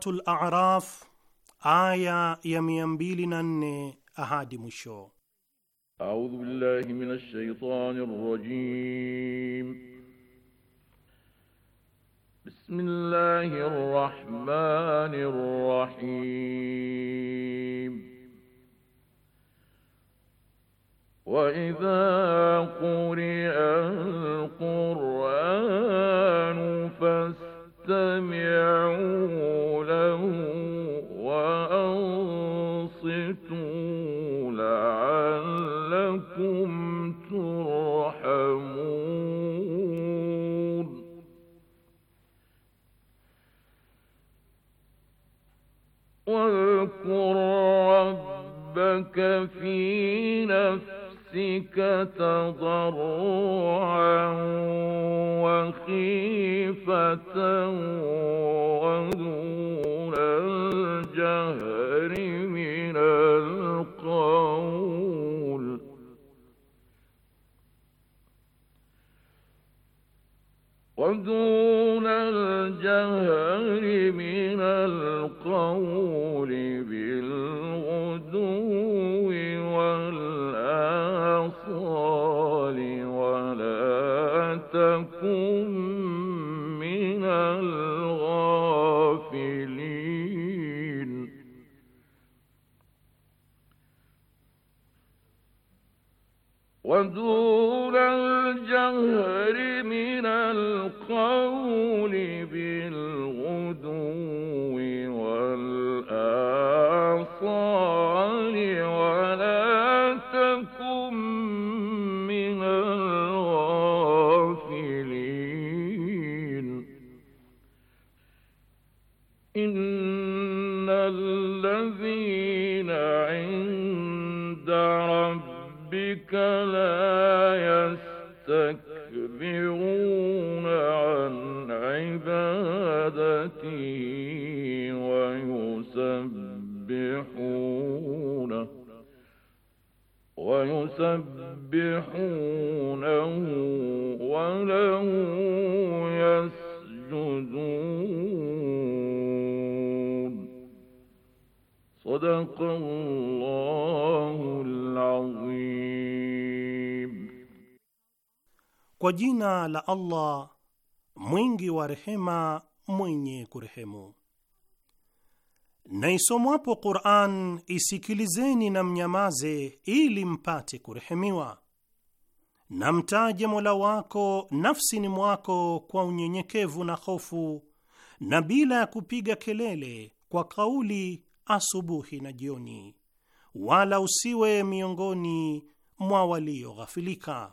Suratul A'raf aya ya 204 ahadi mwisho. A'udhu billahi minash shaitani rrajim Kwa jina la Allah mwingi wa rehema mwenye kurehemu. Naisomwapo Qur'an isikilizeni na mnyamaze, ili mpate kurehemiwa na mtaje Mola wako nafsini mwako kwa unyenyekevu na hofu na bila ya kupiga kelele, kwa kauli asubuhi na jioni, wala usiwe miongoni mwa walioghafilika.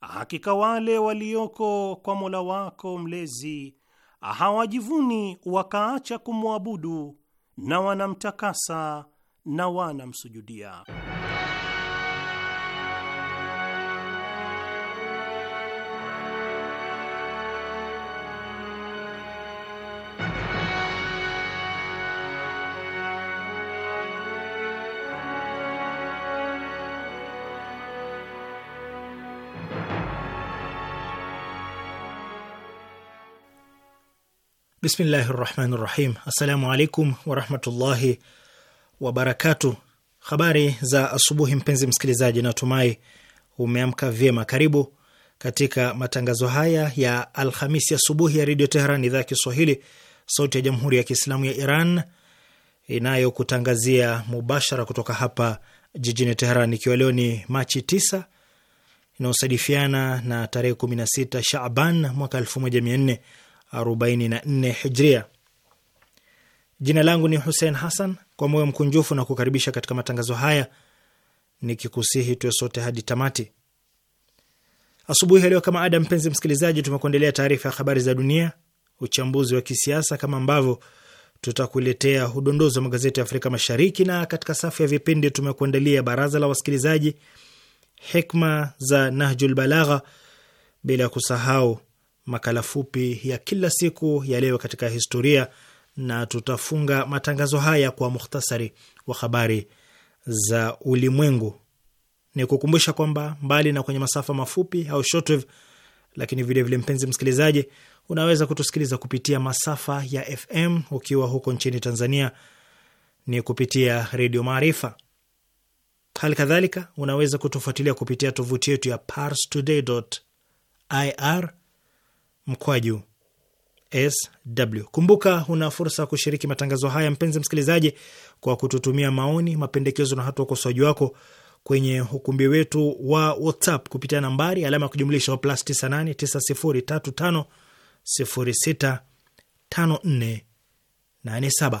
Hakika wale walioko kwa Mola wako mlezi hawajivuni wakaacha kumwabudu, na wanamtakasa na wanamsujudia. Bismillahi rahmani rahim. Assalamu alaikum warahmatullahi wabarakatu. Habari za asubuhi, mpenzi msikilizaji, natumai umeamka vyema. Karibu katika matangazo haya ya Alhamisi asubuhi ya Redio Teheran, idhaa ya Kiswahili, sauti ya Jamhuri ya Kiislamu ya Iran inayokutangazia mubashara kutoka hapa jijini Teheran, ikiwa leo ni Machi 9 inayosadifiana na tarehe 16 Shaban mwaka 1400 44 hijria. Jina langu ni Hussein Hassan, kwa moyo mkunjufu na kukaribisha katika matangazo haya nikikusihi tuwe sote hadi tamati. Asubuhi ya leo kama ada, mpenzi msikilizaji, tumekuendelea taarifa ya habari za dunia, uchambuzi wa kisiasa, kama ambavyo tutakuletea udondozi wa magazeti ya Afrika Mashariki, na katika safu ya vipindi tumekuandalia baraza la wasikilizaji, hikma za Nahjul Balagha, bila ya kusahau makala fupi ya kila siku ya leo katika historia, na tutafunga matangazo haya kwa muhtasari wa habari za ulimwengu. Ni kukumbusha kwamba mbali na kwenye masafa mafupi au shortwave, lakini vilevile vile, mpenzi msikilizaji, unaweza kutusikiliza kupitia masafa ya FM ukiwa huko nchini Tanzania ni kupitia Redio Maarifa. Hali kadhalika unaweza kutufuatilia kupitia tovuti yetu ya parstoday.ir mkwaju sw. Kumbuka una fursa ya kushiriki matangazo haya, mpenzi msikilizaji, kwa kututumia maoni, mapendekezo na hata ukosoaji wako kwenye ukumbi wetu wa WhatsApp kupitia nambari alama ya kujumlisha wa oh, plus 989035065487.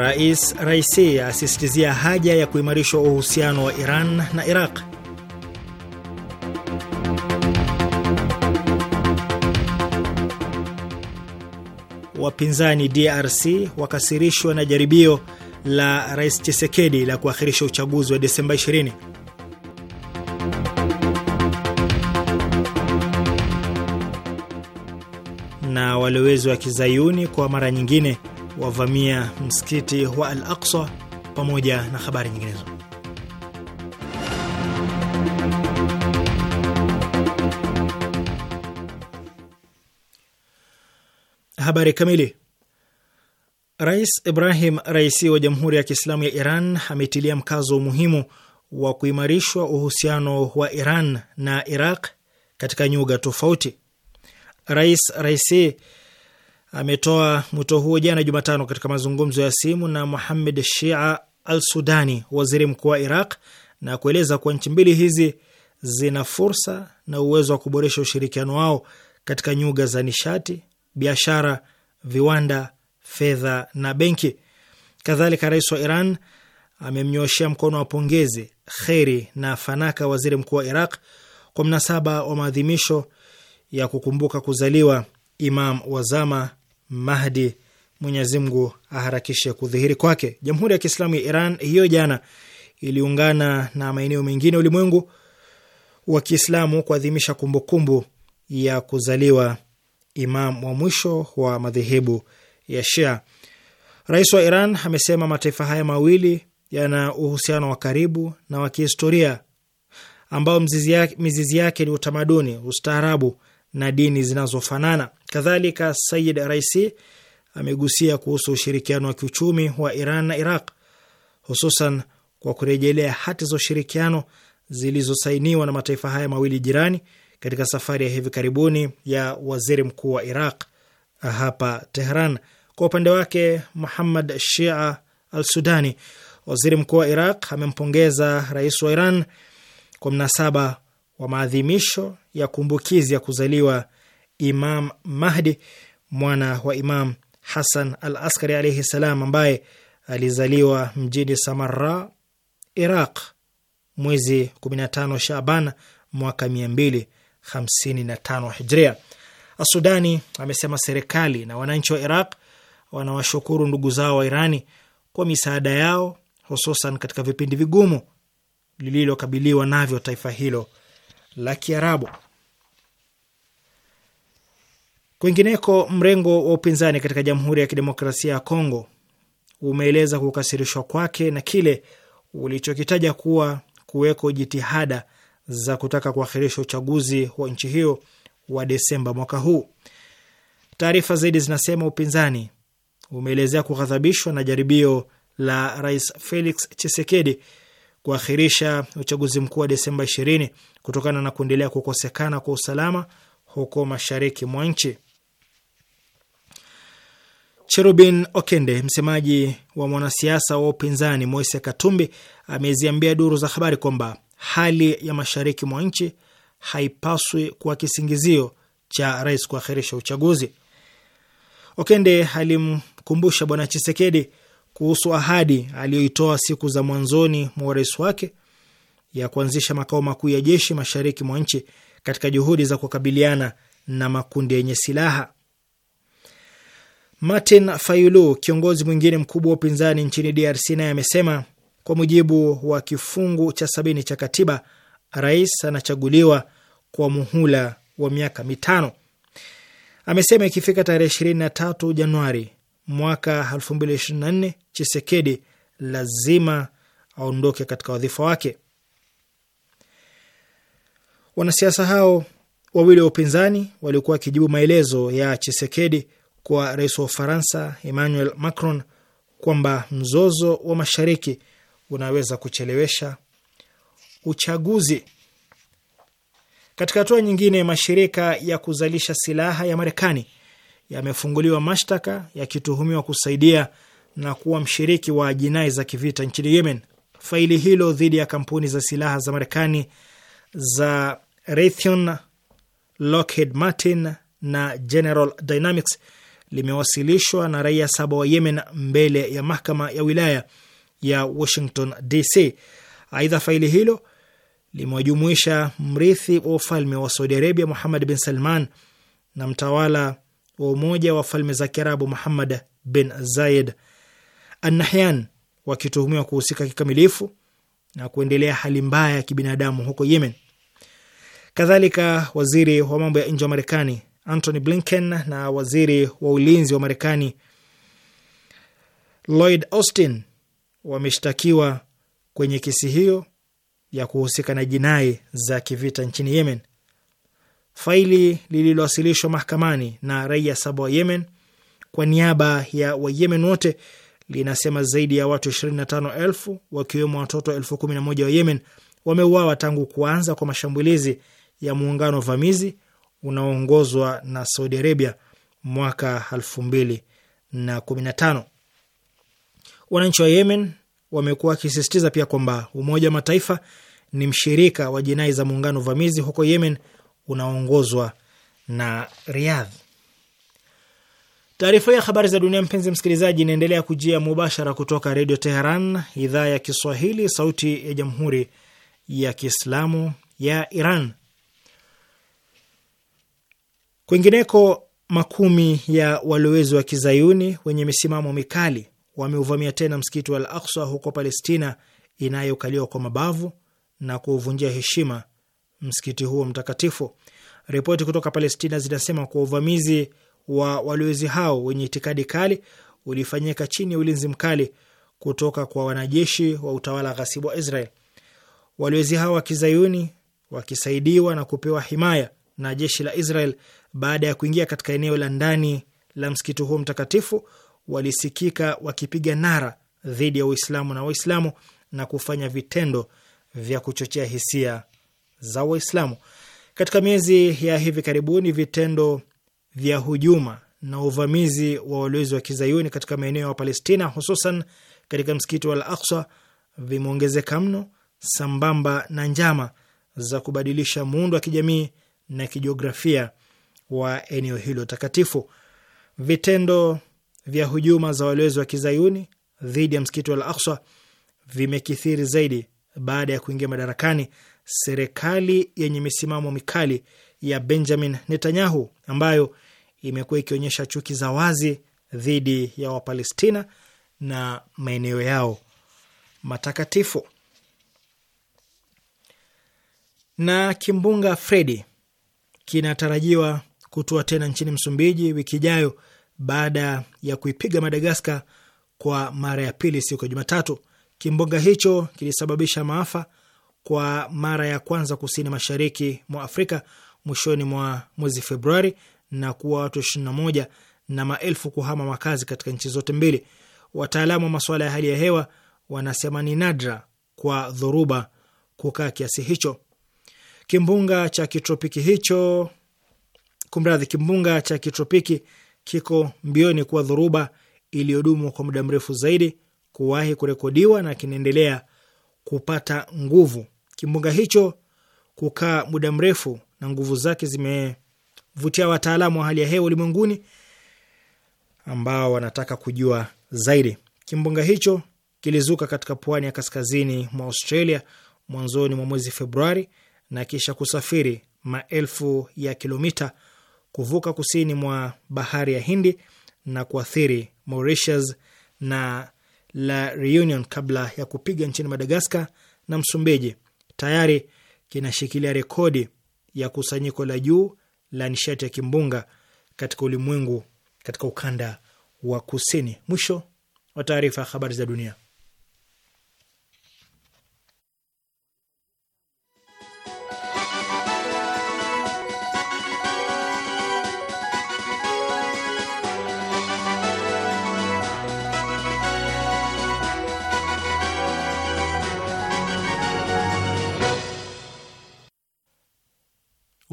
Rais Raisi asisitizia haja ya kuimarishwa uhusiano wa Iran na Iraq. Wapinzani DRC wakasirishwa na jaribio la Rais chisekedi la kuakhirisha uchaguzi wa Desemba 20. Na walowezi wa Kizayuni kwa mara nyingine wavamia msikiti wa Al Aqsa pamoja na habari nyinginezo. Habari kamili. Rais Ibrahim Raisi wa Jamhuri ya Kiislamu ya Iran ametilia mkazo umuhimu wa kuimarishwa uhusiano wa Iran na Iraq katika nyuga tofauti. Rais Raisi ametoa mwito huo jana Jumatano katika mazungumzo ya simu na Muhamed Shia Al Sudani, waziri mkuu wa Iraq, na kueleza kuwa nchi mbili hizi zina fursa na uwezo wa kuboresha ushirikiano wao katika nyuga za nishati, biashara, viwanda, fedha na benki. Kadhalika, rais wa Iran amemnyooshea mkono wa pongezi, kheri na fanaka waziri mkuu wa Iraq kwa mnasaba wa maadhimisho ya kukumbuka kuzaliwa Imam Wazama Mahdi, Mwenyezi Mungu aharakishe kudhihiri kwake. Jamhuri ya Kiislamu ya Iran hiyo jana iliungana na maeneo mengine ulimwengu wa Kiislamu kuadhimisha kumbukumbu ya kuzaliwa imam wa mwisho wa madhehebu ya Shia. Rais wa Iran amesema mataifa haya mawili yana uhusiano wa karibu na wa kihistoria ambao mizizi yake ni utamaduni, ustaarabu na dini zinazofanana. Kadhalika, Sayid Raisi amegusia kuhusu ushirikiano wa kiuchumi wa Iran na Iraq, hususan kwa kurejelea hati za ushirikiano zilizosainiwa na mataifa haya mawili jirani katika safari ya hivi karibuni ya waziri mkuu wa Iraq hapa Tehran. Kwa upande wake, Muhammad Shia al Sudani, waziri mkuu wa Iraq, amempongeza rais wa Iran kwa mnasaba wa maadhimisho ya kumbukizi ya kuzaliwa Imam Mahdi mwana wa Imam Hasan al Askari alaihi salam, ambaye alizaliwa mjini Samara, Iraq mwezi 15 Shaban mwaka 255 Hijria. Asudani amesema serikali na wananchi wa Iraq wanawashukuru ndugu zao wa Irani kwa misaada yao, hususan katika vipindi vigumu lililokabiliwa navyo taifa hilo la Kiarabu. Kwingineko, mrengo wa upinzani katika Jamhuri ya Kidemokrasia ya Kongo umeeleza kukasirishwa kwake na kile ulichokitaja kuwa kuweko jitihada za kutaka kuahirisha uchaguzi wa nchi hiyo wa Desemba mwaka huu. Taarifa zaidi zinasema upinzani umeelezea kughadhabishwa na jaribio la Rais Felix Tshisekedi kuahirisha uchaguzi mkuu wa Desemba 20 kutokana na kuendelea kukosekana kwa usalama huko mashariki mwa nchi. Cherubin Okende, msemaji wa mwanasiasa wa upinzani Moise Katumbi, ameziambia duru za habari kwamba hali ya mashariki mwa nchi haipaswi kuwa kisingizio cha rais kuakhirisha uchaguzi. Okende alimkumbusha Bwana Chisekedi kuhusu ahadi aliyoitoa siku za mwanzoni mwa urais wake ya kuanzisha makao makuu ya jeshi mashariki mwa nchi katika juhudi za kukabiliana na makundi yenye silaha. Martin Fayulu, kiongozi mwingine mkubwa wa upinzani nchini DRC, naye amesema kwa mujibu wa kifungu cha sabini cha katiba, rais anachaguliwa kwa muhula wa miaka mitano. Amesema ikifika tarehe 23 Januari mwaka 2024 Chisekedi lazima aondoke katika wadhifa wake. Wanasiasa hao wawili wa upinzani walikuwa wakijibu maelezo ya Chisekedi kwa rais wa Ufaransa Emmanuel Macron kwamba mzozo wa mashariki unaweza kuchelewesha uchaguzi. Katika hatua nyingine, mashirika ya kuzalisha silaha ya Marekani yamefunguliwa mashtaka yakituhumiwa kusaidia na kuwa mshiriki wa jinai za kivita nchini Yemen. Faili hilo dhidi ya kampuni za silaha za Marekani za Raytheon, Lockheed Martin na General Dynamics limewasilishwa na raia saba wa Yemen mbele ya mahakama ya wilaya ya Washington DC. Aidha, faili hilo limewajumuisha mrithi wa ufalme wa Saudi Arabia Muhammad bin Salman na mtawala wa Umoja wa Falme za Kiarabu Muhammad bin Zayed anahyan wakituhumiwa kuhusika kikamilifu na kuendelea hali mbaya ya kibinadamu huko Yemen. Kadhalika, waziri wa mambo ya nje wa Marekani Antony Blinken na waziri wa ulinzi wa Marekani Lloyd Austin wameshtakiwa kwenye kesi hiyo ya kuhusika na jinai za kivita nchini Yemen. Faili lililowasilishwa mahakamani na raia saba wa Yemen kwa niaba ya Wayemen wote linasema zaidi ya watu 25,000 wakiwemo watoto 11,000 wa Yemen wameuawa tangu kuanza kwa mashambulizi ya muungano wa vamizi unaoongozwa na Saudi Arabia mwaka elfu mbili na kumi na tano. Wananchi wa Yemen wamekuwa wakisisitiza pia kwamba Umoja wa Mataifa ni mshirika wa jinai za muungano vamizi huko Yemen unaoongozwa na Riyadh. Taarifa ya habari za dunia, mpenzi msikilizaji, inaendelea kujia mubashara kutoka Redio Teheran, idhaa ya Kiswahili, sauti ya Jamhuri ya Kiislamu ya Iran. Kwingineko, makumi ya walowezi wa kizayuni wenye misimamo mikali wameuvamia tena msikiti wa Al Aksa huko Palestina inayokaliwa kwa mabavu na kuuvunjia heshima msikiti huo mtakatifu. Ripoti kutoka Palestina zinasema kuwa uvamizi wa walowezi hao wenye itikadi kali ulifanyika chini ya ulinzi mkali kutoka kwa wanajeshi wa utawala ghasibu wa Israel. Walowezi hao wa kizayuni wakisaidiwa na kupewa himaya na jeshi la Israel baada ya kuingia katika eneo la ndani la msikiti huo mtakatifu, walisikika wakipiga nara dhidi ya Uislamu na Waislamu na kufanya vitendo vya kuchochea hisia za Waislamu. Katika miezi ya hivi karibuni, vitendo vya hujuma na uvamizi wa walowezi wa kizayuni katika maeneo ya Palestina, hususan katika msikiti wa Al Aksa vimeongezeka mno, sambamba na njama za kubadilisha muundo wa kijamii na kijiografia wa eneo hilo takatifu. Vitendo vya hujuma za walowezi wa kizayuni dhidi ya msikiti wa Al Aksa vimekithiri zaidi baada ya kuingia madarakani serikali yenye misimamo mikali ya Benjamin Netanyahu ambayo imekuwa ikionyesha chuki za wazi dhidi ya Wapalestina na maeneo yao matakatifu. Na kimbunga Fredi kinatarajiwa kutua tena nchini Msumbiji wiki ijayo baada ya kuipiga Madagaskar kwa mara ya pili siku ya Jumatatu. Kimbunga hicho kilisababisha maafa kwa mara ya kwanza kusini mashariki mwa Afrika mwishoni mwa mwezi Februari na kuwa watu 21 na maelfu kuhama makazi katika nchi zote mbili. Wataalamu wa masuala ya hali ya hewa wanasema ni nadra kwa dhoruba kukaa kiasi hicho. Kimbunga cha kitropiki hicho kumradhi, kimbunga cha kitropiki kiko mbioni kuwa dhoruba iliyodumu kwa muda mrefu zaidi kuwahi kurekodiwa na kinaendelea kupata nguvu. Kimbunga hicho kukaa muda mrefu na nguvu zake zimevutia wataalamu wa hali ya hewa ulimwenguni ambao wanataka kujua zaidi. Kimbunga hicho kilizuka katika pwani ya kaskazini mwa Australia mwanzoni mwa mwezi Februari na kisha kusafiri maelfu ya kilomita kuvuka kusini mwa bahari ya Hindi na kuathiri Mauritius na La Reunion kabla ya kupiga nchini Madagaskar na Msumbiji, tayari kinashikilia rekodi ya kusanyiko la juu la nishati ya kimbunga katika ulimwengu katika ukanda wa kusini. Mwisho wa taarifa ya habari za dunia.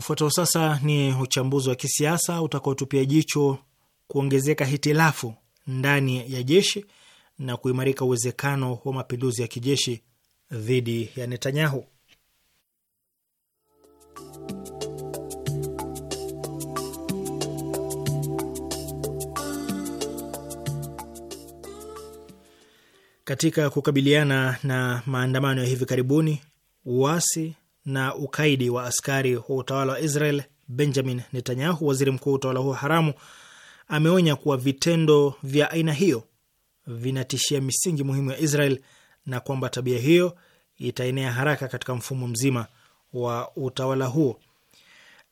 Ufuatao sasa ni uchambuzi wa kisiasa utakaotupia jicho kuongezeka hitilafu ndani ya jeshi na kuimarika uwezekano wa mapinduzi ya kijeshi dhidi ya Netanyahu. Katika kukabiliana na maandamano ya hivi karibuni, uasi na ukaidi wa askari wa utawala wa Israel, Benjamin Netanyahu, waziri mkuu wa utawala huo haramu, ameonya kuwa vitendo vya aina hiyo vinatishia misingi muhimu ya Israel na kwamba tabia hiyo itaenea haraka katika mfumo mzima wa utawala huo.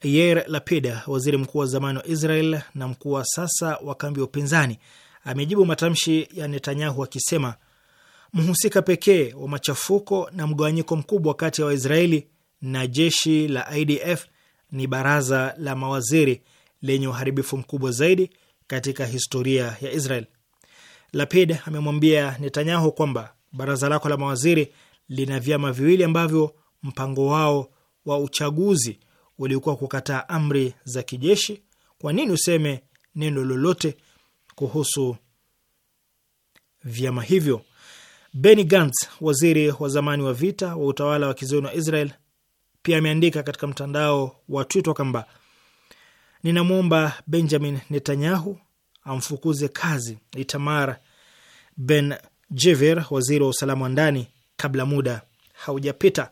Yair Lapid, waziri mkuu wa zamani wa Israel na mkuu wa sasa wa kambi ya upinzani, amejibu matamshi ya Netanyahu akisema mhusika pekee wa machafuko na mgawanyiko mkubwa kati ya Waisraeli na jeshi la IDF ni baraza la mawaziri lenye uharibifu mkubwa zaidi katika historia ya Israel. Lapid amemwambia Netanyahu kwamba baraza lako la mawaziri lina vyama viwili ambavyo mpango wao wa uchaguzi uliokuwa kukataa amri za kijeshi. Kwa nini useme neno lolote kuhusu vyama hivyo? Benny Gantz, waziri wa zamani wa vita wa utawala wa kizayuni wa Israel, pia ameandika katika mtandao wa Twitter kwamba ninamwomba Benjamin Netanyahu amfukuze kazi Itamar Ben Jever, waziri wa usalama wa ndani, kabla muda haujapita.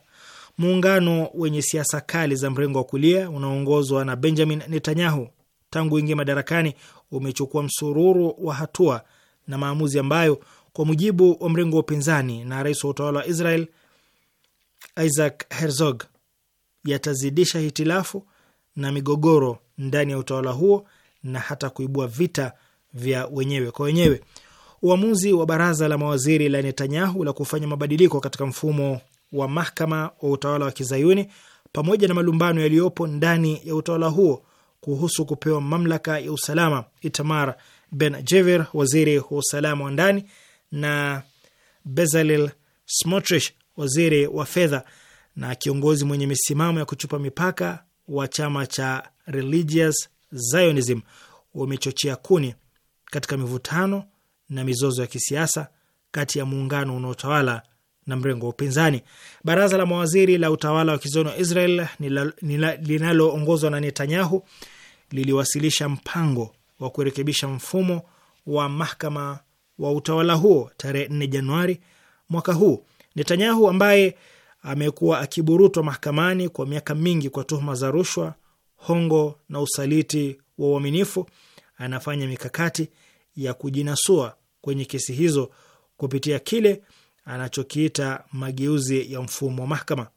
Muungano wenye siasa kali za mrengo wa kulia unaoongozwa na Benjamin Netanyahu tangu ingia madarakani umechukua msururu wa hatua na maamuzi ambayo kwa mujibu wa mrengo wa upinzani na rais wa utawala wa Israel Isaac Herzog yatazidisha hitilafu na migogoro ndani ya utawala huo na hata kuibua vita vya wenyewe kwa wenyewe. Uamuzi wa baraza la mawaziri la Netanyahu la kufanya mabadiliko katika mfumo wa mahakama wa utawala wa kizayuni pamoja na malumbano yaliyopo ndani ya utawala huo kuhusu kupewa mamlaka ya usalama Itamar Ben Jever, waziri wa usalama wa ndani, na Bezalel Smotrich, waziri wa fedha, na kiongozi mwenye misimamo ya kuchupa mipaka wa chama cha Religious Zionism umechochea kuni katika mivutano na mizozo ya kisiasa kati ya muungano unaotawala na mrengo wa upinzani. Baraza la mawaziri la utawala wa kizoni wa Israel linaloongozwa na Netanyahu liliwasilisha mpango wa kurekebisha mfumo wa mahakama wa utawala huo tarehe 4 Januari mwaka huu. Netanyahu ambaye amekuwa akiburutwa mahakamani kwa miaka mingi kwa tuhuma za rushwa, hongo na usaliti wa uaminifu, anafanya mikakati ya kujinasua kwenye kesi hizo kupitia kile anachokiita mageuzi ya mfumo wa mahakama.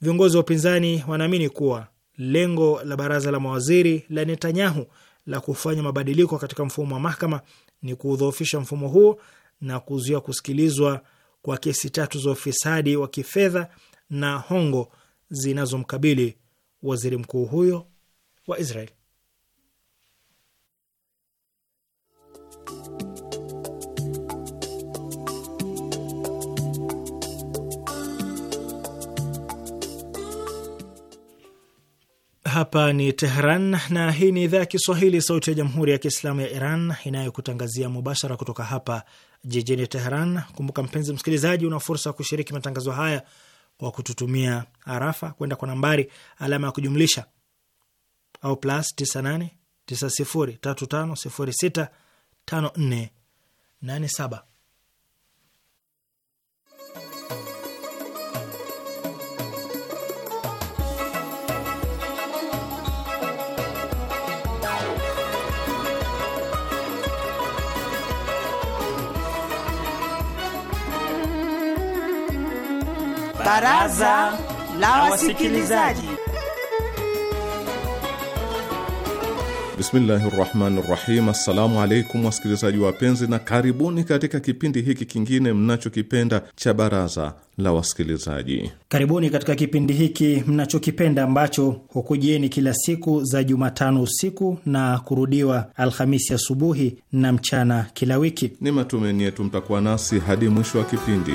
Viongozi wa upinzani wanaamini kuwa lengo la baraza la mawaziri la Netanyahu la kufanya mabadiliko katika mfumo wa mahakama ni kuudhoofisha mfumo huo na kuzuia kusikilizwa kwa kesi tatu za ufisadi wa kifedha na hongo zinazomkabili waziri mkuu huyo wa Israel. Hapa ni Tehran na hii ni idhaa ya Kiswahili, sauti ya jamhuri ya kiislamu ya Iran inayokutangazia mubashara kutoka hapa jijini Teheran. Kumbuka mpenzi msikilizaji, una fursa ya kushiriki matangazo haya kwa kututumia arafa kwenda kwa nambari alama ya kujumlisha au plus 98 90 35 06 54 87. Baraza la Wasikilizaji. Bismillahi rahmani rahim. Assalamu alaikum wasikilizaji wapenzi, na karibuni katika kipindi hiki kingine mnachokipenda cha baraza la wasikilizaji. Karibuni katika kipindi hiki mnachokipenda ambacho hukujieni kila siku za Jumatano usiku na kurudiwa Alhamisi asubuhi na mchana kila wiki. Ni matumaini yetu mtakuwa nasi hadi mwisho wa kipindi.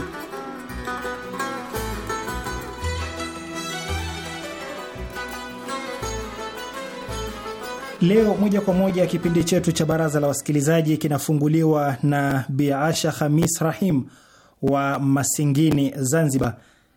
Leo moja kwa moja kipindi chetu cha baraza la wasikilizaji kinafunguliwa na Bi Asha Khamis Rahim wa Masingini, Zanzibar,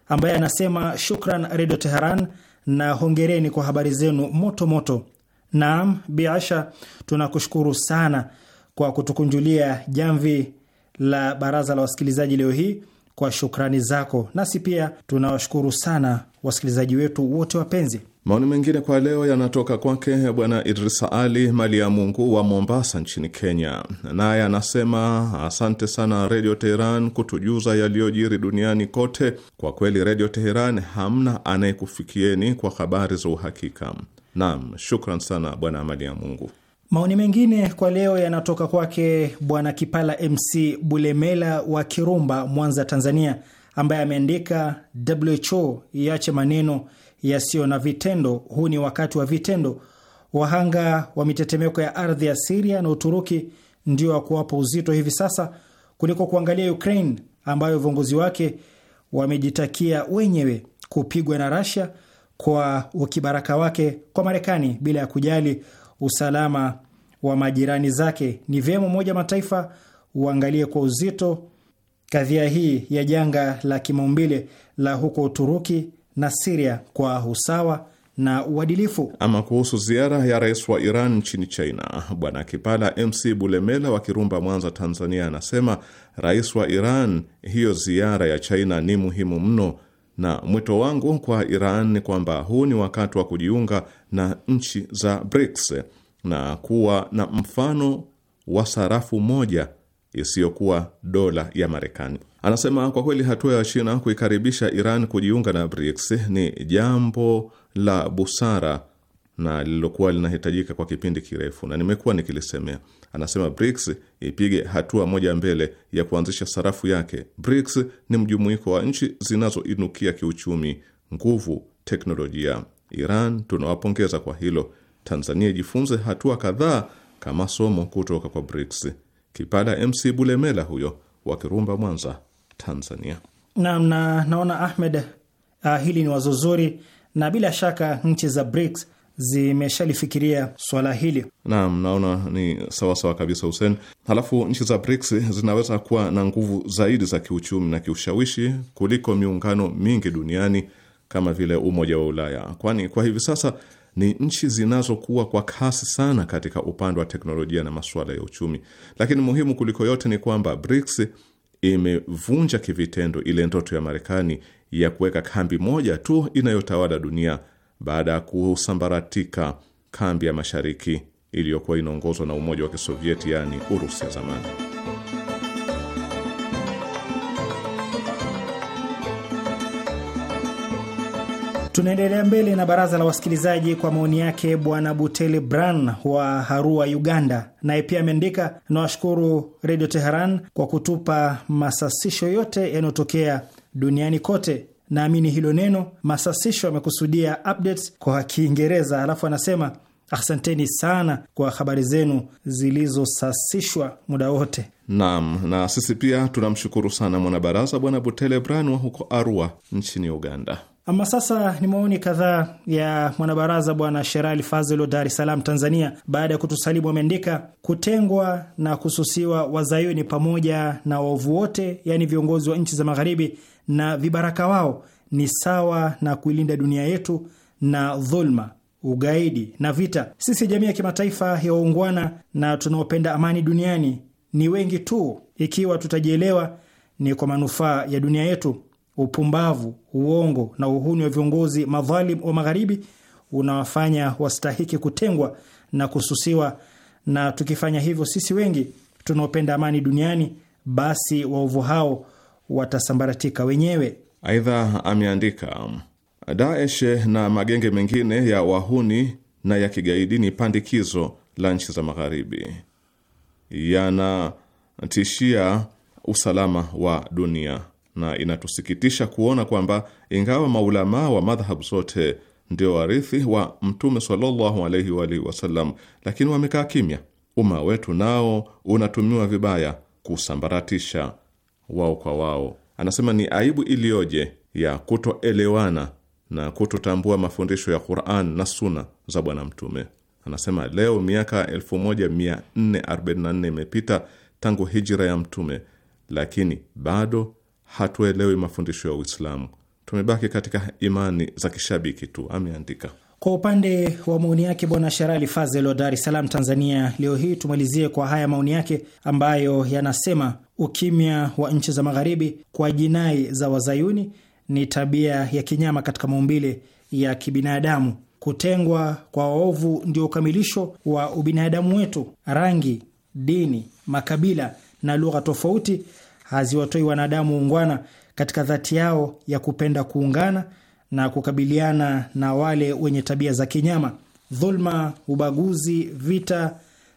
ambaye anasema shukran Redio Teheran na hongereni kwa habari zenu moto moto. Naam, Bi Asha, tunakushukuru sana kwa kutukunjulia jamvi la baraza la wasikilizaji leo hii kwa shukrani zako, nasi pia tunawashukuru sana wasikilizaji wetu wote wapenzi. Maoni mengine kwa leo yanatoka kwake Bwana Idrisa Ali Mali ya Mungu wa Mombasa nchini Kenya, naye anasema asante sana Redio Teheran kutujuza yaliyojiri duniani kote. Kwa kweli Redio Teheran hamna anayekufikieni kwa habari za uhakika. Naam, shukran sana Bwana Mali ya Mungu. Maoni mengine kwa leo yanatoka kwake Bwana Kipala MC Bulemela wa Kirumba, Mwanza, Tanzania, ambaye ameandika WHO iache maneno yasiyo na vitendo. Huu ni wakati wa vitendo. Wahanga wa mitetemeko ya ardhi ya Siria na Uturuki ndio wa kuwapa uzito hivi sasa kuliko kuangalia Ukraine ambayo viongozi wake wamejitakia wenyewe kupigwa na Rasia kwa ukibaraka wake kwa Marekani bila ya kujali usalama wa majirani zake. Ni vyema Umoja wa Mataifa uangalie kwa uzito kadhia hii ya janga la kimaumbile la huko Uturuki na Siria kwa usawa na uadilifu. Ama kuhusu ziara ya rais wa Iran nchini China, Bwana Kipala MC Bulemela wa Kirumba, Mwanza, Tanzania, anasema rais wa Iran, hiyo ziara ya China ni muhimu mno, na mwito wangu kwa Iran ni kwamba huu ni wakati wa kujiunga na nchi za BRICS na kuwa na mfano wa sarafu moja isiyokuwa dola ya Marekani. Anasema kwa kweli hatua ya China kuikaribisha Iran kujiunga na BRICS ni jambo la busara na lililokuwa linahitajika kwa kipindi kirefu na nimekuwa nikilisemea. Anasema BRICS ipige hatua moja mbele ya kuanzisha sarafu yake. BRICS ni mjumuiko wa nchi zinazoinukia kiuchumi, nguvu, teknolojia. Iran tunawapongeza kwa hilo. Tanzania ijifunze hatua kadhaa kama somo kutoka kwa BRICS. Kipala MC Bulemela huyo wa Kirumba, Mwanza, Tanzania. Naam, na naona Ahmed, uh, hili ni wazo zuri na bila shaka nchi za BRICS zimeshalifikiria swala hili. Naam, naona ni sawasawa sawa kabisa, Hussein. Halafu nchi za BRICS zinaweza kuwa na nguvu zaidi za kiuchumi na kiushawishi kuliko miungano mingi duniani kama vile Umoja wa Ulaya, kwani kwa hivi sasa ni nchi zinazokuwa kwa kasi sana katika upande wa teknolojia na masuala ya uchumi. Lakini muhimu kuliko yote ni kwamba BRICS imevunja kivitendo ile ndoto ya Marekani ya kuweka kambi moja tu inayotawala dunia baada ya kusambaratika kambi ya mashariki iliyokuwa inaongozwa na Umoja wa Kisovieti, yaani Urusi ya zamani. Tunaendelea mbele na baraza la wasikilizaji kwa maoni yake Bwana Butele Bran wa Harua, Uganda, naye pia ameandika, nawashukuru Redio Teheran kwa kutupa masasisho yote yanayotokea duniani kote. Naamini hilo neno masasisho amekusudia updates kwa Kiingereza. Alafu anasema asanteni sana kwa habari zenu zilizosasishwa muda wote. Naam, na sisi pia tunamshukuru sana mwanabaraza Bwana Butele Bran wa huko Arua nchini Uganda. Ama sasa ni maoni kadhaa ya mwanabaraza Bwana Sherali Fazil wa Dar es Salaam, Tanzania. Baada ya kutusalimu, ameandika kutengwa na kususiwa wazayuni pamoja na waovu wote, yaani viongozi wa nchi za magharibi na vibaraka wao, ni sawa na kuilinda dunia yetu na dhulma, ugaidi na vita. Sisi jamii ya kimataifa ya waungwana na tunaopenda amani duniani ni wengi tu. Ikiwa tutajielewa, ni kwa manufaa ya dunia yetu upumbavu, uongo na uhuni wa viongozi madhalim wa Magharibi unawafanya wastahiki kutengwa na kususiwa, na tukifanya hivyo sisi wengi tunaopenda amani duniani, basi waovu hao watasambaratika wenyewe. Aidha ameandika Daesh na magenge mengine ya wahuni na ya kigaidi ni pandikizo la nchi za Magharibi, yanatishia usalama wa dunia na inatusikitisha kuona kwamba ingawa maulamaa wa madhhabu zote ndio warithi wa Mtume sallallahu alaihi wa alihi wasallam, lakini wamekaa kimya. Umma wetu nao unatumiwa vibaya kusambaratisha wao kwa wao. Anasema ni aibu iliyoje ya kutoelewana na kutotambua mafundisho ya Qur'an na suna za Bwana Mtume. Anasema leo miaka 1444 imepita tangu hijra ya Mtume, lakini bado hatuelewi mafundisho ya Uislamu, tumebaki katika imani za kishabiki tu, ameandika. Kwa upande wa maoni yake Bwana Sharali Fazel wa Dar es Salaam, Tanzania. Leo hii tumalizie kwa haya maoni yake ambayo yanasema ukimya wa nchi za Magharibi kwa jinai za wazayuni ni tabia ya kinyama katika maumbile ya kibinadamu. Kutengwa kwa waovu ndio ukamilisho wa ubinadamu wetu. Rangi, dini, makabila na lugha tofauti haziwatoi wanadamu ungwana katika dhati yao ya kupenda kuungana na kukabiliana na wale wenye tabia za kinyama. Dhulma, ubaguzi, vita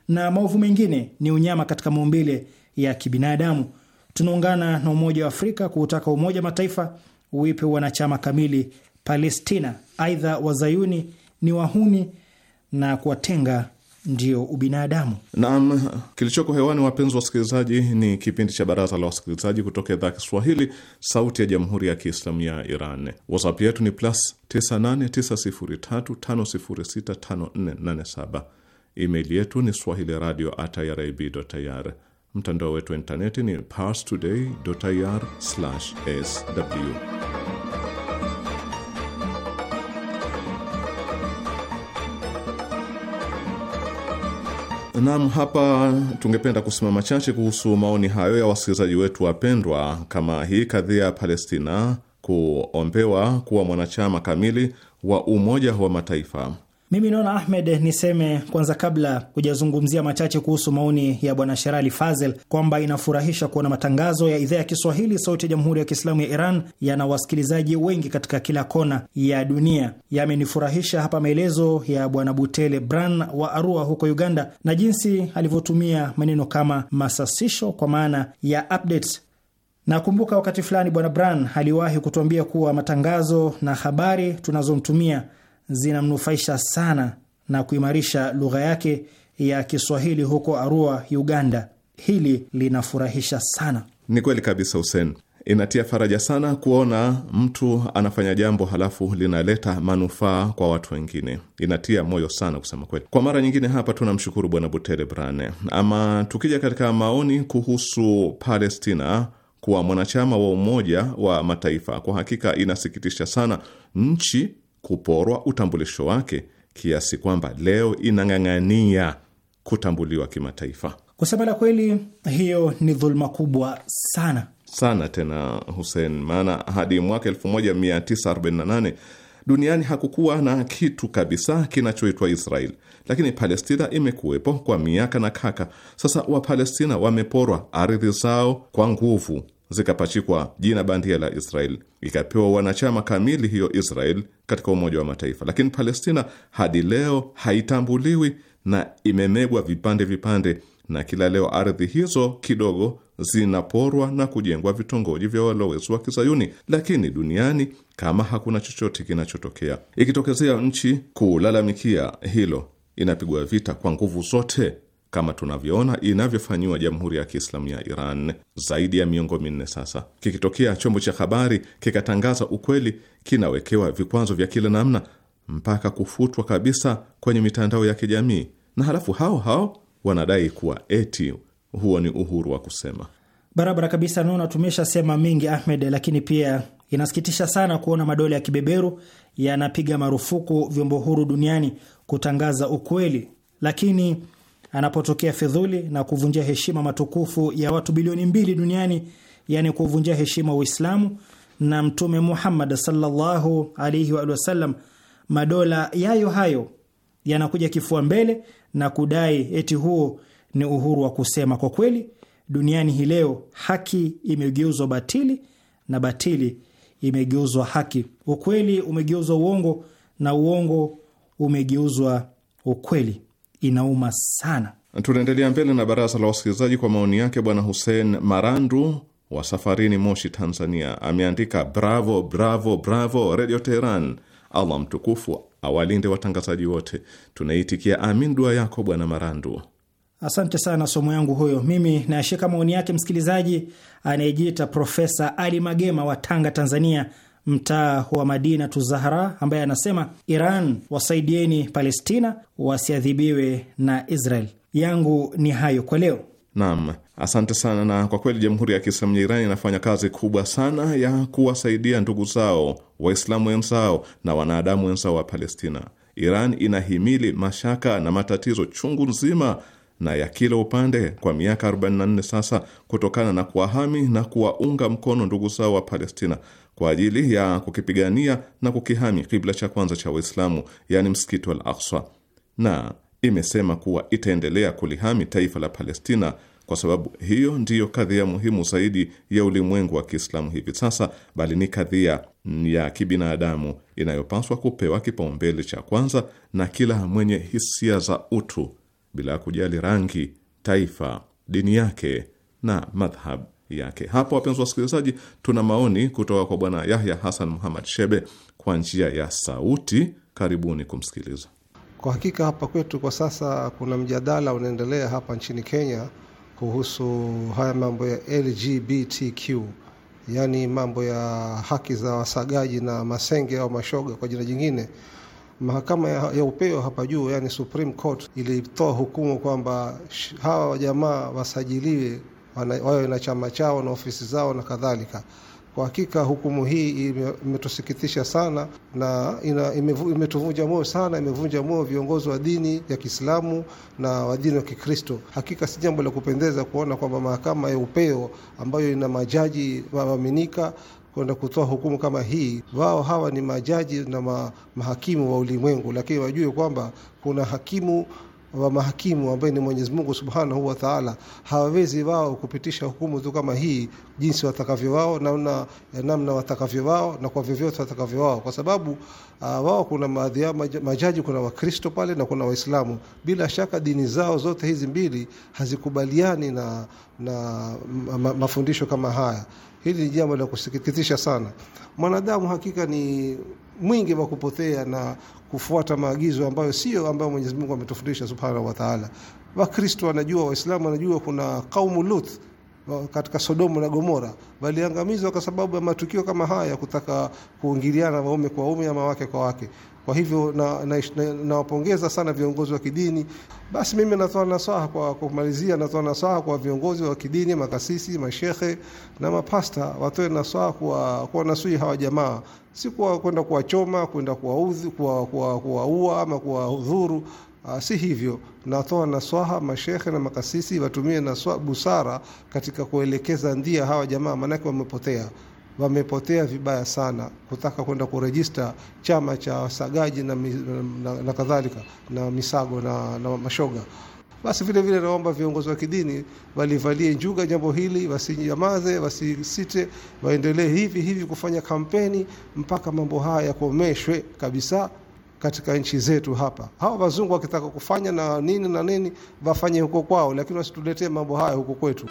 na maovu mengine ni unyama katika maumbile ya kibinadamu. Tunaungana na Umoja wa Afrika kuutaka Umoja Mataifa uipe wanachama kamili Palestina. Aidha, wazayuni ni wahuni na kuwatenga ndio ubinadamu. Naam, kilichoko hewani, wapenzi wa wasikilizaji, ni kipindi cha Baraza la Wasikilizaji kutoka idhaa ya Kiswahili, Sauti ya Jamhuri ya Kiislamu ya Iran. WhatsApp yetu ni plus 989035065487. Email yetu ni swahili radio at irib ir. Mtandao wetu wa intaneti ni parstoday ir sw Naam, hapa tungependa kusema machache kuhusu maoni hayo ya wasikilizaji wetu wapendwa, kama hii kadhia ya Palestina kuombewa kuwa mwanachama kamili wa Umoja wa Mataifa mimi naona Ahmed, niseme kwanza, kabla hujazungumzia machache kuhusu maoni ya bwana Sherali Fazel, kwamba inafurahisha kuona matangazo ya idhaa ya Kiswahili sauti ya jamhuri ya Kiislamu ya Iran yana wasikilizaji wengi katika kila kona ya dunia. Yamenifurahisha hapa maelezo ya bwana Butele Bran wa Arua huko Uganda, na jinsi alivyotumia maneno kama masasisho kwa maana ya update. Nakumbuka wakati fulani bwana Bran aliwahi kutuambia kuwa matangazo na habari tunazomtumia zinamnufaisha sana na kuimarisha lugha yake ya Kiswahili huko Arua, Uganda. Hili linafurahisha sana. Ni kweli kabisa, Hussein. Inatia faraja sana kuona mtu anafanya jambo halafu linaleta manufaa kwa watu wengine. Inatia moyo sana kusema kweli. Kwa mara nyingine hapa tunamshukuru Bwana Butere Brane. Ama tukija katika maoni kuhusu Palestina kuwa mwanachama wa Umoja wa Mataifa, kwa hakika inasikitisha sana nchi kuporwa utambulisho wake kiasi kwamba leo inang'ang'ania kutambuliwa kimataifa. Kusema la kweli, hiyo ni dhuluma kubwa sana sana tena, Hussein, maana hadi mwaka 1948 duniani hakukuwa na kitu kabisa kinachoitwa Israel, lakini Palestina imekuwepo kwa miaka na kaka. Sasa Wapalestina wameporwa ardhi zao kwa nguvu zikapachikwa jina bandia la Israel, ikapewa wanachama kamili hiyo Israel katika Umoja wa Mataifa, lakini Palestina hadi leo haitambuliwi na imemegwa vipande vipande, na kila leo ardhi hizo kidogo zinaporwa na kujengwa vitongoji vya walowezi wa Kizayuni. Lakini duniani kama hakuna chochote kinachotokea, ikitokezea nchi kulalamikia hilo, inapigwa vita kwa nguvu zote kama tunavyoona inavyofanyiwa Jamhuri ya Kiislamu ya Iran zaidi ya miongo minne sasa. Kikitokea chombo cha habari kikatangaza ukweli, kinawekewa vikwazo vya kila namna mpaka kufutwa kabisa kwenye mitandao ya kijamii, na halafu hao hao wanadai kuwa eti huo ni uhuru wa kusema. Barabara kabisa. Naona tumeshasema mingi Ahmed, lakini pia inasikitisha sana kuona madola ya kibeberu yanapiga marufuku vyombo huru duniani kutangaza ukweli, lakini anapotokea fidhuli na kuvunjia heshima matukufu ya watu bilioni mbili duniani, yani kuvunjia heshima Uislamu na Mtume Muhammad sallallahu alaihi wa sallam, madola yayo hayo yanakuja kifua mbele na kudai eti huo ni uhuru wa kusema. Kwa kweli duniani hii leo haki imegeuzwa batili na batili imegeuzwa haki, ukweli umegeuzwa uongo na uongo umegeuzwa ukweli inauma sana. Tunaendelea mbele na baraza la wasikilizaji kwa maoni yake. Bwana Hussein Marandu wa safarini Moshi, Tanzania, ameandika bravo, bravo, bravo Redio Teheran. Allah mtukufu awalinde watangazaji wote. Tunaitikia amin dua yako Bwana Marandu. Asante sana somo yangu huyo. Mimi nayashika maoni yake msikilizaji anayejiita Profesa Ali Magema wa Tanga, Tanzania, mtaa wa Madina Tuzahara, ambaye anasema Iran wasaidieni Palestina wasiadhibiwe na Israel. Yangu ni hayo kwa leo. Naam, asante sana. Na kwa kweli Jamhuri ya Kiislamu ya Iran inafanya kazi kubwa sana ya kuwasaidia ndugu zao Waislamu wenzao na wanadamu wenzao wa Palestina. Iran inahimili mashaka na matatizo chungu nzima na ya kila upande kwa miaka 44 sasa, kutokana na kuwahami na kuwaunga mkono ndugu zao wa Palestina kwa ajili ya kukipigania na kukihami kibla cha kwanza cha Waislamu, yaani msikiti Al Akswa, na imesema kuwa itaendelea kulihami taifa la Palestina kwa sababu hiyo ndiyo kadhia muhimu zaidi ya ulimwengu wa Kiislamu hivi sasa, bali ni kadhia ya kibinadamu inayopaswa kupewa kipaumbele cha kwanza na kila mwenye hisia za utu bila kujali rangi, taifa, dini yake na madhhabu yake. Hapo wapenzi wasikilizaji, tuna maoni kutoka kwa Bwana Yahya Hassan Muhammad Shebe kwa njia ya sauti. Karibuni kumsikiliza. Kwa hakika hapa kwetu kwa sasa kuna mjadala unaendelea hapa nchini Kenya kuhusu haya mambo ya LGBTQ, yaani mambo ya haki za wasagaji na masenge au mashoga kwa jina jingine. Mahakama ya, ya upeo hapa juu, yani Supreme Court, ilitoa hukumu kwamba hawa wajamaa wasajiliwe wawe na chama chao na ofisi zao na kadhalika. Kwa hakika hukumu hii imetusikitisha sana na ina, imetuvunja moyo sana, imevunja moyo viongozi wa dini ya Kiislamu na wa dini wa Kikristo. Hakika si jambo la kupendeza kuona kwamba mahakama ya upeo ambayo ina majaji waaminika kwenda kutoa hukumu kama hii. Wao hawa ni majaji na ma, mahakimu wa ulimwengu, lakini wajue kwamba kuna hakimu wa mahakimu ambaye ni Mwenyezi Mungu Subhanahu wa Ta'ala, hawawezi wao kupitisha hukumu tu kama hii jinsi watakavyo wao namna namna watakavyo wao na kwa vyovyote watakavyo wao, kwa sababu uh, wao kuna baadhi majaji, kuna Wakristo pale na kuna Waislamu. Bila shaka dini zao zote hizi mbili hazikubaliani na, na ma, ma, mafundisho kama haya. Hili ni jambo la kusikitisha sana. Mwanadamu hakika ni mwingi wa kupotea na kufuata maagizo ambayo sio ambayo Mwenyezi Mungu ametufundisha Subhanahu wa Ta'ala. Wakristo wanajua, Waislamu wanajua kuna kaumu Luth katika Sodomu na Gomora waliangamizwa kwa sababu ya matukio kama haya, kutaka kuingiliana waume kwa waume ama wake kwa wake. Kwa hivyo nawapongeza na, na, na sana viongozi wa kidini. Basi mimi natoa nasaha kwa kumalizia, natoa nasaha kwa viongozi wa kidini, makasisi, mashehe na mapasta, watoe nasaha kwa kwa nasui hawa jamaa, si kwa kwenda kuwachoma, kwenda kuwaudhi, kuwaua ama kuwadhuru. Uh, si hivyo. Natoa naswaha mashehe na makasisi watumie busara katika kuelekeza ndia hawa jamaa, maanake wamepotea wamepotea vibaya sana kutaka kwenda kurejista chama cha wasagaji na, na, na, na kadhalika na misago na, na mashoga. Basi vile vile naomba viongozi wa kidini walivalie njuga jambo hili, wasinyamaze, wasisite, waendelee hivi hivi kufanya kampeni mpaka mambo haya yakomeshwe kabisa katika nchi zetu hapa. Hawa wazungu wakitaka kufanya na nini na nini, wafanye huko kwao, lakini wasituletee mambo haya huko kwetu.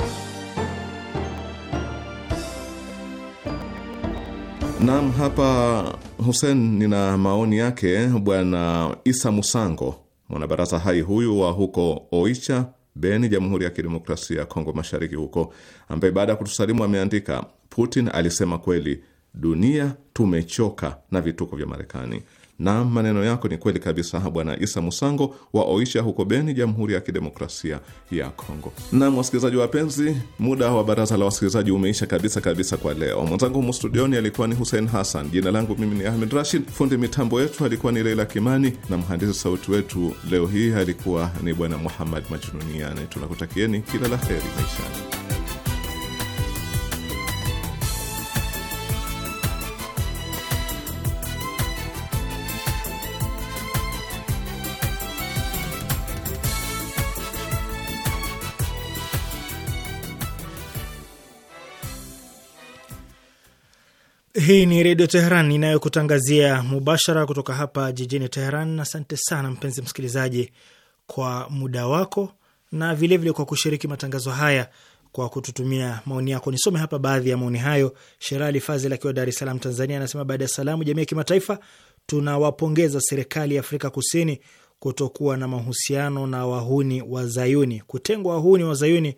Naam, hapa Hussein, nina maoni yake Bwana Isa Musango, mwanabaraza hai huyu wa huko Oicha, Beni, Jamhuri ya Kidemokrasia ya Kongo Mashariki huko, ambaye baada ya kutusalimu ameandika, Putin alisema kweli, dunia tumechoka na vituko vya Marekani na maneno yako ni kweli kabisa, Bwana Isa Musango wa Oisha huko Beni, Jamhuri ya Kidemokrasia ya Kongo. Nam, wasikilizaji wapenzi, muda wa baraza la wasikilizaji umeisha kabisa kabisa kwa leo. Mwenzangu humu studioni alikuwa ni Hussein Hassan, jina langu mimi ni Ahmed Rashid, fundi mitambo yetu alikuwa ni Leila Kimani na mhandisi sauti wetu leo hii alikuwa ni Bwana Muhammad Majununiani. Tunakutakieni kila la heri maishani. Hii ni Redio Teheran inayokutangazia mubashara kutoka hapa jijini Teheran. Asante sana mpenzi msikilizaji kwa muda wako na vilevile vile kwa kushiriki matangazo haya kwa kututumia maoni yako. Nisome hapa baadhi ya maoni hayo. Sherali Fazil akiwa Dar es Salaam, Tanzania, anasema baada ya salamu, jamii ya kimataifa, tunawapongeza serikali ya Afrika Kusini kutokuwa na mahusiano na wahuni Zayuni. Kutengwa wahuni Zayuni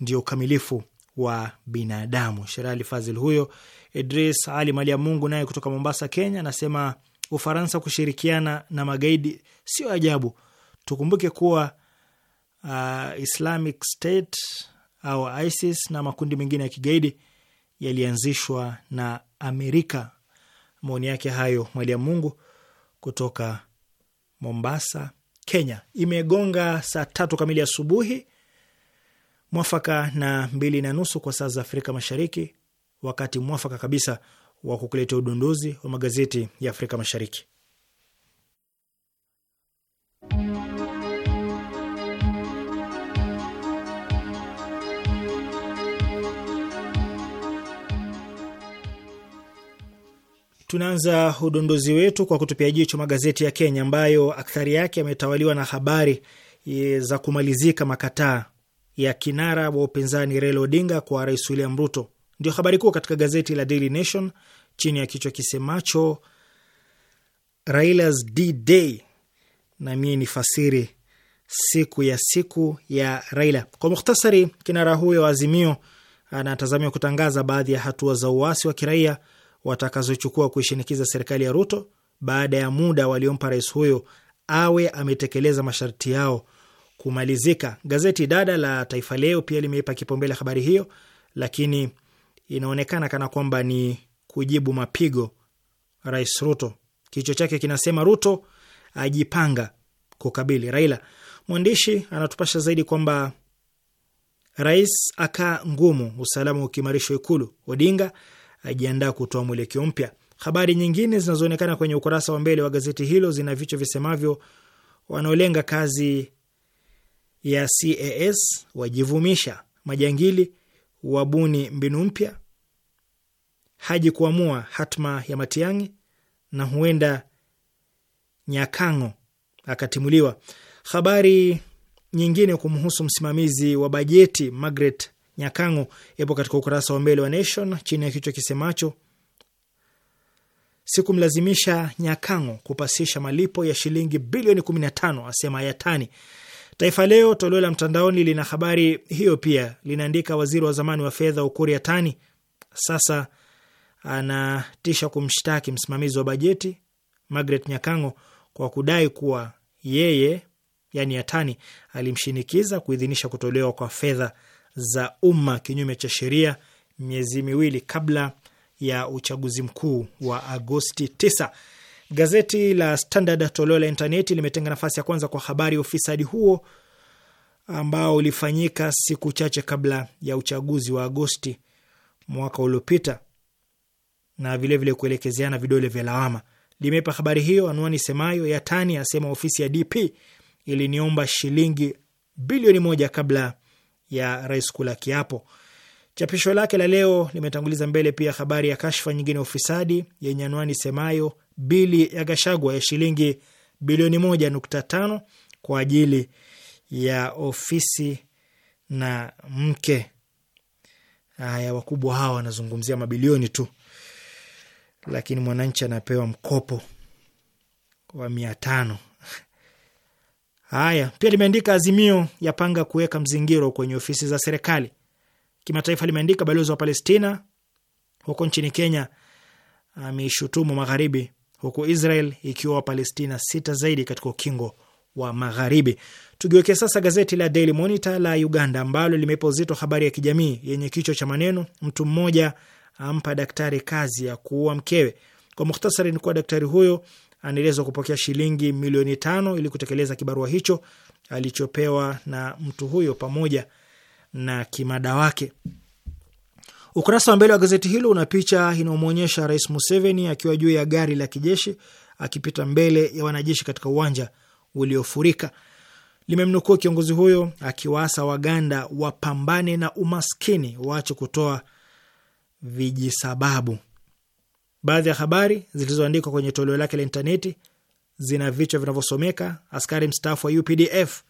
ndio ukamilifu wa binadamu. Sherali Fazil huyo Idris Ali Malia Mungu naye kutoka Mombasa, Kenya, anasema Ufaransa kushirikiana na magaidi sio ajabu. Tukumbuke kuwa uh, Islamic State au ISIS na makundi mengine ya kigaidi yalianzishwa na Amerika. Maoni yake hayo Malia Mungu kutoka Mombasa, Kenya. Imegonga saa tatu kamili asubuhi mwafaka na mbili na nusu kwa saa za Afrika Mashariki wakati mwafaka kabisa wa kukuletea udondozi wa magazeti ya Afrika Mashariki. Tunaanza udondozi wetu kwa kutupia jicho magazeti ya Kenya ambayo akthari yake yametawaliwa na habari za kumalizika makataa ya kinara wa upinzani Raila Odinga kwa Rais William Ruto. Ndio habari kuu katika gazeti la Daily Nation chini ya kichwa kisemacho Raila's D-Day na mie ni fasiri siku ya siku ya Raila. Kwa mukhtasari, kinara huyo Azimio anatazamiwa kutangaza baadhi ya hatua za uasi wa kiraia watakazochukua kuishinikiza serikali ya Ruto baada ya muda waliompa rais huyo awe ametekeleza masharti yao kumalizika. Gazeti dada la Taifa Leo pia limeipa kipaumbele habari hiyo, lakini inaonekana kana kwamba ni kujibu mapigo Rais Ruto. Kichwa chake kinasema Ruto ajipanga kukabili Raila. Mwandishi anatupasha zaidi kwamba rais akaa ngumu, usalama ukiimarishwa Ikulu, Odinga ajiandaa kutoa mwelekeo mpya. Habari nyingine zinazoonekana kwenye ukurasa wa mbele wa gazeti hilo zina vichwa visemavyo: wanaolenga kazi ya CAS wajivumisha, majangili wabuni mbinu mpya, haji kuamua hatma ya Matiang'i na huenda Nyakang'o akatimuliwa. Habari nyingine kumhusu msimamizi wa bajeti Margaret Nyakang'o ipo katika ukurasa wa mbele wa Nation chini ya kichwa kisemacho sikumlazimisha Nyakang'o kupasisha malipo ya shilingi bilioni 15, asema Yatani. Taifa Leo toleo la mtandaoni lina habari hiyo pia, linaandika waziri wa zamani wa fedha Ukur Yatani sasa anatisha kumshtaki msimamizi wa bajeti Margaret Nyakango kwa kudai kuwa yeye yani Atani alimshinikiza kuidhinisha kutolewa kwa fedha za umma kinyume cha sheria miezi miwili kabla ya uchaguzi mkuu wa Agosti 9. Gazeti la Standard toleo la intaneti limetenga nafasi ya kwanza kwa habari ya ufisadi huo ambao ulifanyika siku chache kabla ya uchaguzi wa Agosti mwaka uliopita na vilevile kuelekezeana vidole vya lawama. Limeipa habari hiyo anuani semayo Yatani asema ofisi ya DP iliniomba shilingi bilioni moja kabla ya rais kula kiapo. Chapisho lake la leo limetanguliza mbele pia habari ya kashfa nyingine ya ufisadi yenye anwani semayo bili ya Gashagwa ya shilingi bilioni moja nukta tano kwa ajili ya ofisi na mke. Haya, wakubwa hawa wanazungumzia mabilioni tu lakini mwananchi anapewa mkopo wa mia tano. Haya, pia limeandika azimio ya panga kuweka mzingiro kwenye ofisi za serikali. Kimataifa limeandika balozi wa Palestina huko nchini Kenya ameishutumu Magharibi, huku Israel ikiwa Wapalestina sita zaidi katika ukingo wa Magharibi. Tugeuke sasa gazeti la Daily Monitor la Uganda ambalo limepa uzito habari ya kijamii yenye kichwa cha maneno mtu mmoja ampa daktari kazi ya kuua mkewe. Kwa muhtasari, ni kuwa daktari huyo anaelezwa kupokea shilingi milioni tano ili kutekeleza kibarua hicho alichopewa na mtu huyo pamoja na kimada wake. Ukurasa wa mbele wa gazeti hilo una picha inayomwonyesha Rais Museveni akiwa juu ya gari la kijeshi akipita mbele ya wanajeshi katika uwanja uliofurika. Limemnukuu kiongozi huyo akiwaasa Waganda wapambane na umaskini, waache kutoa vijisababu. Baadhi ya habari zilizoandikwa kwenye toleo lake la intaneti zina vichwa vinavyosomeka askari mstaafu wa UPDF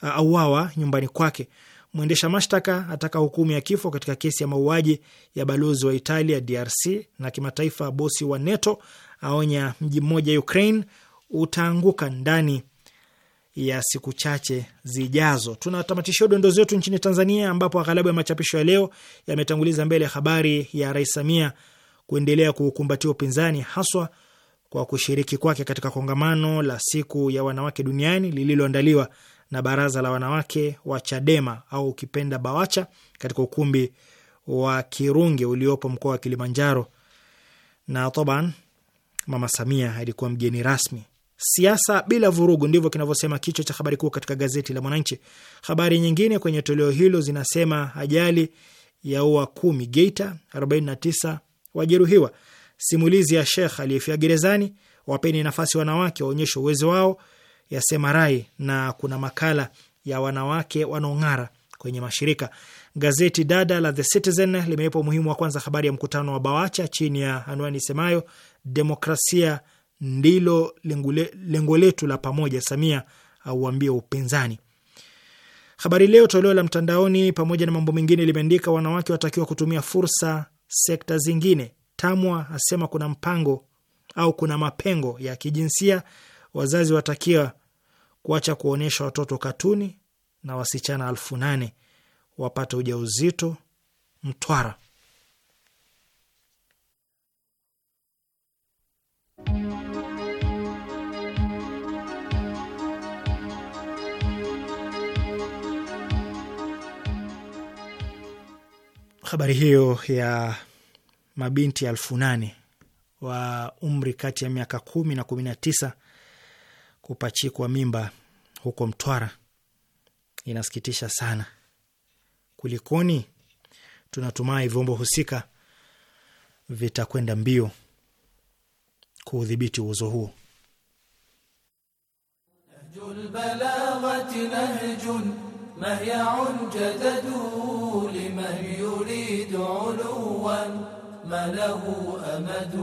auawa nyumbani kwake, mwendesha mashtaka ataka hukumu ya kifo katika kesi ya mauaji ya balozi wa Italia DRC, na kimataifa, bosi wa NATO aonya mji mmoja Ukraine utaanguka ndani ya siku chache zijazo. Tunatamatishia udondozi wetu nchini Tanzania, ambapo aghalabu ya machapisho ya leo yametanguliza mbele habari ya Rais Samia kuendelea kuukumbatia upinzani haswa kwa kushiriki kwake katika kongamano la siku ya wanawake duniani lililoandaliwa na baraza la wanawake wa Chadema au ukipenda Bawacha katika ukumbi wa Kirunge uliopo mkoa wa Kilimanjaro, na toban Mama Samia alikuwa mgeni rasmi. Siasa bila vurugu, ndivyo kinavyosema kichwa cha habari kuu katika gazeti la Mwananchi. Habari nyingine kwenye toleo hilo zinasema ajali ya ua kumi Geita, 49 wajeruhiwa, simulizi ya Shekh aliyefia gerezani, wapeni nafasi wanawake waonyeshe uwezo wao, yasema Rai, na kuna makala ya wanawake wanaong'ara kwenye mashirika. Gazeti dada la The Citizen limewepa umuhimu wa kwanza habari ya mkutano wa Bawacha chini ya anwani isemayo demokrasia ndilo lengo letu la pamoja, Samia auambia upinzani. Habari Leo toleo la mtandaoni, pamoja na mambo mengine, limeandika wanawake watakiwa kutumia fursa sekta zingine. Tamwa asema kuna mpango au kuna mapengo ya kijinsia. Wazazi watakiwa kuacha kuonyesha watoto katuni, na wasichana alfu nane wapata ujauzito Mtwara. habari hiyo ya mabinti elfu nane wa umri kati ya miaka kumi na kumi na tisa kupachikwa mimba huko Mtwara inasikitisha sana. Kulikoni? Tunatumai vyombo husika vitakwenda mbio kuudhibiti uozo huo. Nahjul nahjun mahyaun jadadu لمن يريد علوا ما له أمد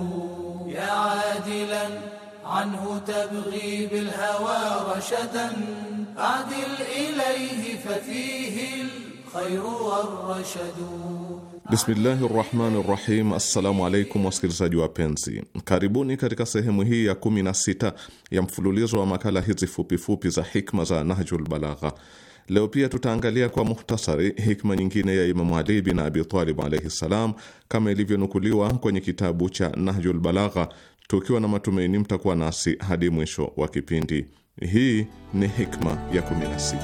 يا عادلا عنه تبغي بالهوى رشدا أعدل إليه ففيه الخير والرشد Bismillahi rahmani rahim. Assalamu alaikum wasikilizaji wapenzi, karibuni katika sehemu hii ya kumi na sita ya mfululizo wa makala hizi fupifupi za hikma za Nahjul Balagha. Leo pia tutaangalia kwa muhtasari hikma nyingine ya Imamu Ali bin Abi Talib alaihi ssalam, kama ilivyonukuliwa kwenye kitabu cha Nahjul Balagha, tukiwa na matumaini mtakuwa nasi hadi mwisho wa kipindi. Hii ni hikma ya 16.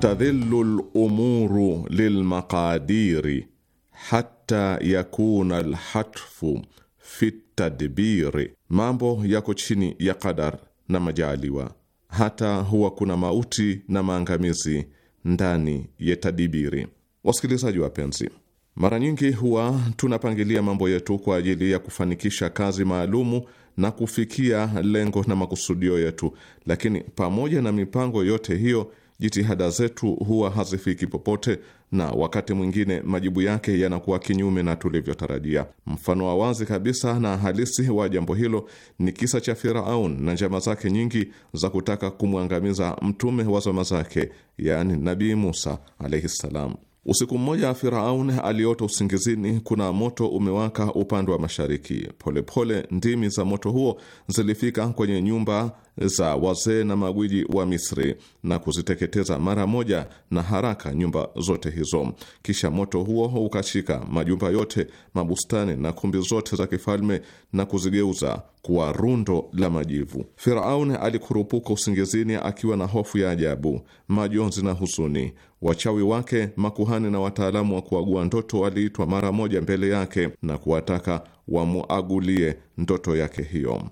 Tadhillu lumuru lilmaqadiri hatta yakuna lhatfu fi tadbiri, mambo yako chini ya qadar na majaliwa. Hata huwa kuna mauti na maangamizi ndani ya tadibiri. Wasikilizaji wapenzi, mara nyingi huwa tunapangilia mambo yetu kwa ajili ya kufanikisha kazi maalumu na kufikia lengo na makusudio yetu, lakini pamoja na mipango yote hiyo jitihada zetu huwa hazifiki popote, na wakati mwingine majibu yake yanakuwa kinyume na tulivyotarajia. Mfano wa wazi kabisa na halisi wa jambo hilo ni kisa cha Firaun na njama zake nyingi za kutaka kumwangamiza mtume wa zama zake, yaani Nabii Musa alaihi ssalam. Usiku mmoja Firaun aliota usingizini kuna moto umewaka upande wa mashariki. Polepole pole, ndimi za moto huo zilifika kwenye nyumba za wazee na magwiji wa Misri na kuziteketeza mara moja na haraka nyumba zote hizo. Kisha moto huo ukashika majumba yote, mabustani na kumbi zote za kifalme na kuzigeuza kuwa rundo la majivu. Firaun alikurupuka usingizini akiwa na hofu ya ajabu, majonzi na huzuni. Wachawi wake, makuhani na wataalamu wa kuagua ndoto waliitwa mara moja mbele yake na kuwataka wamuagulie ndoto yake hiyo.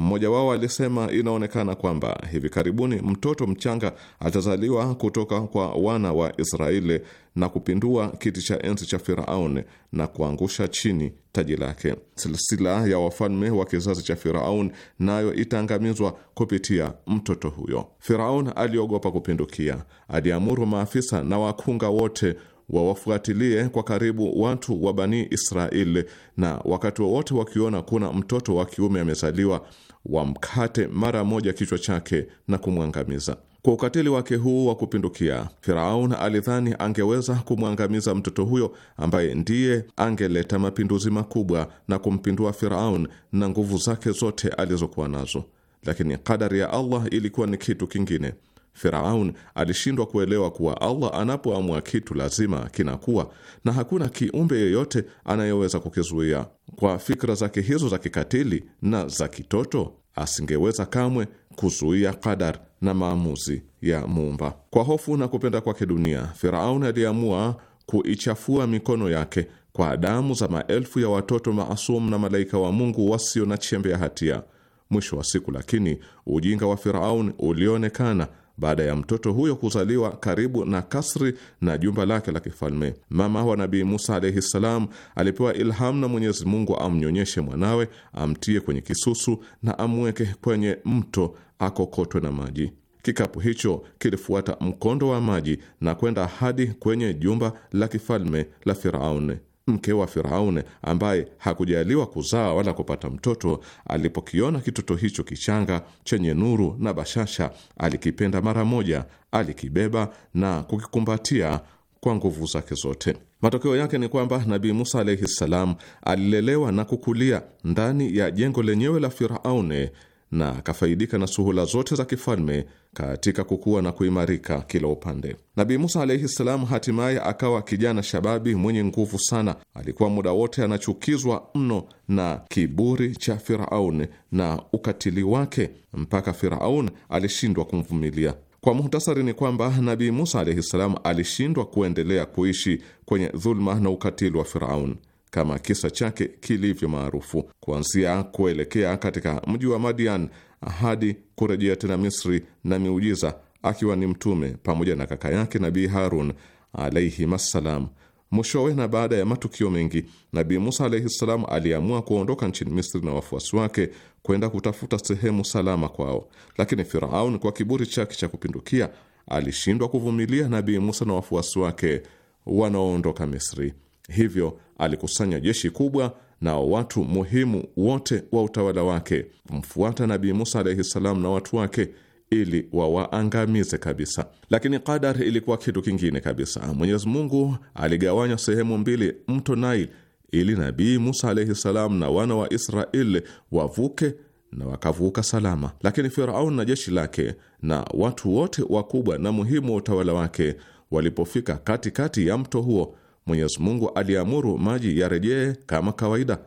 Mmoja wao alisema inaonekana kwamba hivi karibuni mtoto mchanga atazaliwa kutoka kwa wana wa Israeli na kupindua kiti cha enzi cha Firaun na kuangusha chini taji lake. Silsila ya wafalme wa kizazi cha Firaun nayo itaangamizwa kupitia mtoto huyo. Firaun aliogopa kupindukia, aliamuru maafisa na wakunga wote wawafuatilie kwa karibu watu wa Bani Israeli, na wakati wowote wakiona kuna mtoto wa kiume amezaliwa, wamkate mara moja kichwa chake na kumwangamiza. Kwa ukatili wake huu wa kupindukia, Firaun alidhani angeweza kumwangamiza mtoto huyo ambaye ndiye angeleta mapinduzi makubwa na kumpindua Firaun na nguvu zake zote alizokuwa nazo, lakini kadari ya Allah ilikuwa ni kitu kingine. Firaun alishindwa kuelewa kuwa Allah anapoamua kitu lazima kinakuwa, na hakuna kiumbe yeyote anayeweza kukizuia. Kwa fikra zake hizo za kikatili na za kitoto, asingeweza kamwe kuzuia kadar na maamuzi ya Muumba. Kwa hofu na kupenda kwake dunia, Firaun aliamua kuichafua mikono yake kwa damu za maelfu ya watoto maasum na malaika wa Mungu wasio na chembe ya hatia. Mwisho wa siku, lakini ujinga wa Firaun ulionekana baada ya mtoto huyo kuzaliwa karibu na kasri na jumba lake la kifalme. Mama wa Nabii Musa alaihi ssalam alipewa ilham na Mwenyezi Mungu amnyonyeshe mwanawe, amtie kwenye kisusu na amweke kwenye mto akokotwe na maji. Kikapu hicho kilifuata mkondo wa maji na kwenda hadi kwenye jumba la kifalme la Firaun mke wa Firaun ambaye hakujaliwa kuzaa wala kupata mtoto, alipokiona kitoto hicho kichanga chenye nuru na bashasha, alikipenda mara moja, alikibeba na kukikumbatia kwa nguvu zake zote. Matokeo yake ni kwamba Nabii Musa alaihi ssalam alilelewa na kukulia ndani ya jengo lenyewe la firaune na akafaidika na suhula zote za kifalme katika kukua na kuimarika kila upande. Nabii Musa alaihi ssalam hatimaye akawa kijana shababi mwenye nguvu sana. Alikuwa muda wote anachukizwa mno na kiburi cha Firaun na ukatili wake, mpaka Firaun alishindwa kumvumilia. Kwa muhtasari, ni kwamba Nabii Musa alaihi ssalam alishindwa kuendelea kuishi kwenye dhuluma na ukatili wa Firaun kama kisa chake kilivyo maarufu, kuanzia kuelekea katika mji wa Madian hadi kurejea tena Misri na miujiza, akiwa ni mtume pamoja na kaka yake Nabii Harun alaihimassalam. Mwishowe na baada ya matukio mengi, Nabii Musa alaihi ssalam aliamua kuondoka nchini Misri na wafuasi wake kwenda kutafuta sehemu salama kwao, lakini Firaun kwa kiburi chake cha kupindukia alishindwa kuvumilia Nabii Musa na wafuasi wake wanaoondoka Misri, hivyo alikusanya jeshi kubwa na watu muhimu wote wa utawala wake kumfuata Nabii Musa alaihi ssalam na watu wake ili wawaangamize kabisa. Lakini Qadar ilikuwa kitu kingine kabisa. Mwenyezi Mungu aligawanya sehemu mbili mto Nile ili Nabii Musa alaihi ssalam na wana wa Israeli wavuke na wakavuka salama, lakini Firaun na jeshi lake na watu wote wakubwa na muhimu wa utawala wake walipofika katikati ya mto huo Mwenyezi Mungu aliamuru maji yarejee kama kawaida,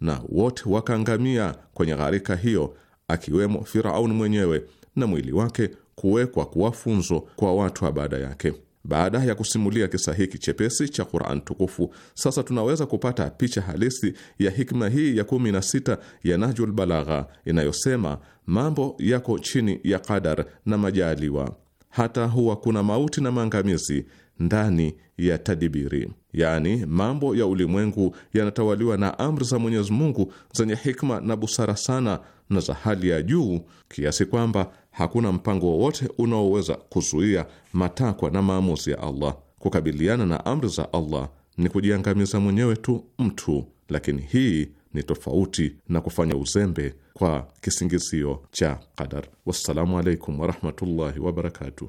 na wote wakaangamia kwenye gharika hiyo, akiwemo Firaun mwenyewe na mwili wake kuwekwa kuwa funzo kwa watu wa baada yake. Baada ya kusimulia kisa hiki chepesi cha Quran tukufu, sasa tunaweza kupata picha halisi ya hikma hii ya kumi na sita ya Nahjul Balagha inayosema mambo yako chini ya qadar na majaliwa, hata huwa kuna mauti na maangamizi ndani ya tadibiri yaani mambo ya ulimwengu yanatawaliwa na amri za Mwenyezi Mungu zenye hikma na busara sana na za hali ya juu kiasi kwamba hakuna mpango wowote unaoweza kuzuia matakwa na maamuzi ya Allah. Kukabiliana na amri za Allah ni kujiangamiza mwenyewe tu mtu, lakini hii ni tofauti na kufanya uzembe kwa kisingizio cha qadar. Wassalamu alaikum warahmatullahi wabarakatuh.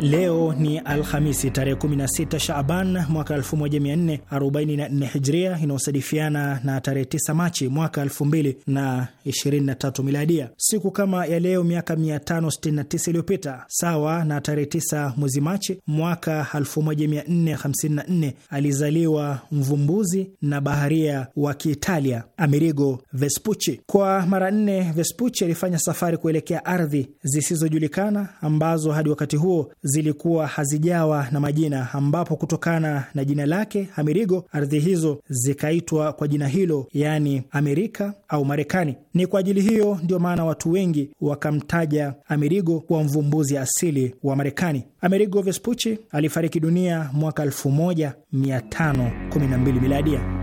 Leo ni Alhamisi tarehe 16 Shaaban mwaka 1444 Hijria, inayosadifiana na tarehe 9 Machi mwaka 2023 Miladia. Siku kama ya leo miaka 569 iliyopita, sawa na tarehe 9 mwezi Machi mwaka 1454, alizaliwa mvumbuzi na baharia wa Kiitalia Amerigo Vespucci. Kwa mara nne, Vespucci alifanya safari kuelekea ardhi zisizojulikana ambazo hadi wakati huo zilikuwa hazijawa na majina, ambapo kutokana na jina lake Amerigo, ardhi hizo zikaitwa kwa jina hilo, yaani Amerika au Marekani. Ni kwa ajili hiyo ndio maana watu wengi wakamtaja Amerigo kuwa mvumbuzi asili wa Marekani. Amerigo Vespucci alifariki dunia mwaka 1512 miladia.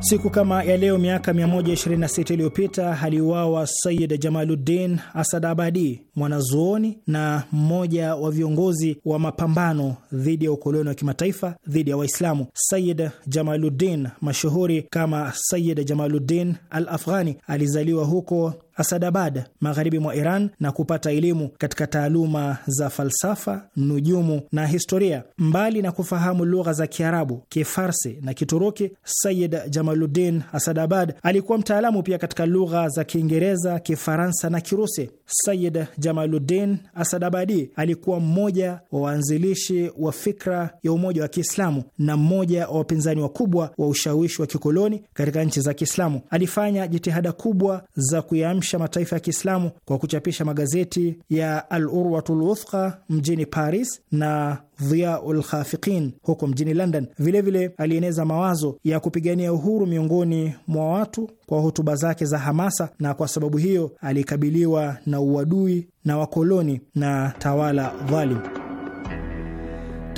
Siku kama ya leo miaka 126 iliyopita aliuawa Sayid Jamaluddin abadi mwanazuoni na mmoja wa viongozi wa mapambano dhidi ya ukoloni wa kimataifa dhidi ya Waislamu. Sayid Jamaluddin, mashuhuri kama Sayid Jamaluddin Al Afghani, alizaliwa huko Asadabad magharibi mwa Iran na kupata elimu katika taaluma za falsafa, nujumu na historia. Mbali na kufahamu lugha za Kiarabu, Kifarsi na Kituruki, Sayid Jamaluddin Asadabad alikuwa mtaalamu pia katika lugha za Kiingereza, Kifaransa na Kirusi. Sayid Jamaluddin Asadabadi alikuwa mmoja wa waanzilishi wa fikra ya umoja wa Kiislamu na mmoja wa wapinzani wakubwa wa ushawishi wa kikoloni katika nchi za Kiislamu. Alifanya jitihada kubwa za kuyamsha kuyaamsha mataifa ya Kiislamu kwa kuchapisha magazeti ya Al Urwatul Wuthqa mjini Paris na Dhiaul Khafiqin huko mjini London. Vilevile vile, alieneza mawazo ya kupigania uhuru miongoni mwa watu kwa hotuba zake za hamasa, na kwa sababu hiyo alikabiliwa na uadui na wakoloni na tawala dhalim.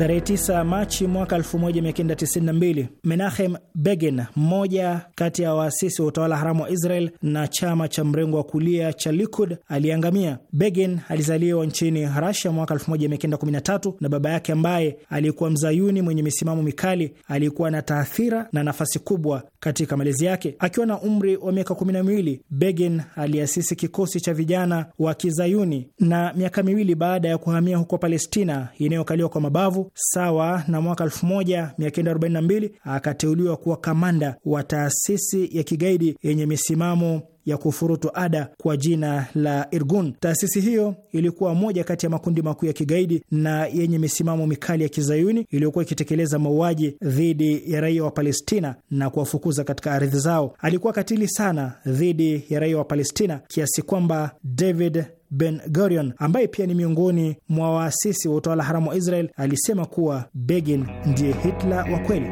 Tarehe 9 Machi mwaka 1992 Menachem Begin, mmoja kati ya waasisi wa utawala haramu wa Israel na chama cha mrengo wa kulia cha Likud, aliangamia. Begin alizaliwa nchini Rasia mwaka 1913 na baba yake ambaye alikuwa mzayuni mwenye misimamo mikali alikuwa na taathira na nafasi kubwa katika malezi yake. Akiwa na umri wa miaka kumi na miwili, Begin aliasisi kikosi cha vijana wa kizayuni na miaka miwili baada ya kuhamia huko Palestina inayokaliwa kwa mabavu sawa na mwaka 1942 akateuliwa kuwa kamanda wa taasisi ya kigaidi yenye misimamo ya kufurutu ada kwa jina la Irgun. Taasisi hiyo ilikuwa moja kati ya makundi makuu ya kigaidi na yenye misimamo mikali ya kizayuni iliyokuwa ikitekeleza mauaji dhidi ya raia wa Palestina na kuwafukuza katika ardhi zao. Alikuwa katili sana dhidi ya raia wa Palestina kiasi kwamba David Ben Gurion, ambaye pia ni miongoni mwa waasisi wa utawala haramu wa Israel, alisema kuwa Begin ndiye Hitler wa kweli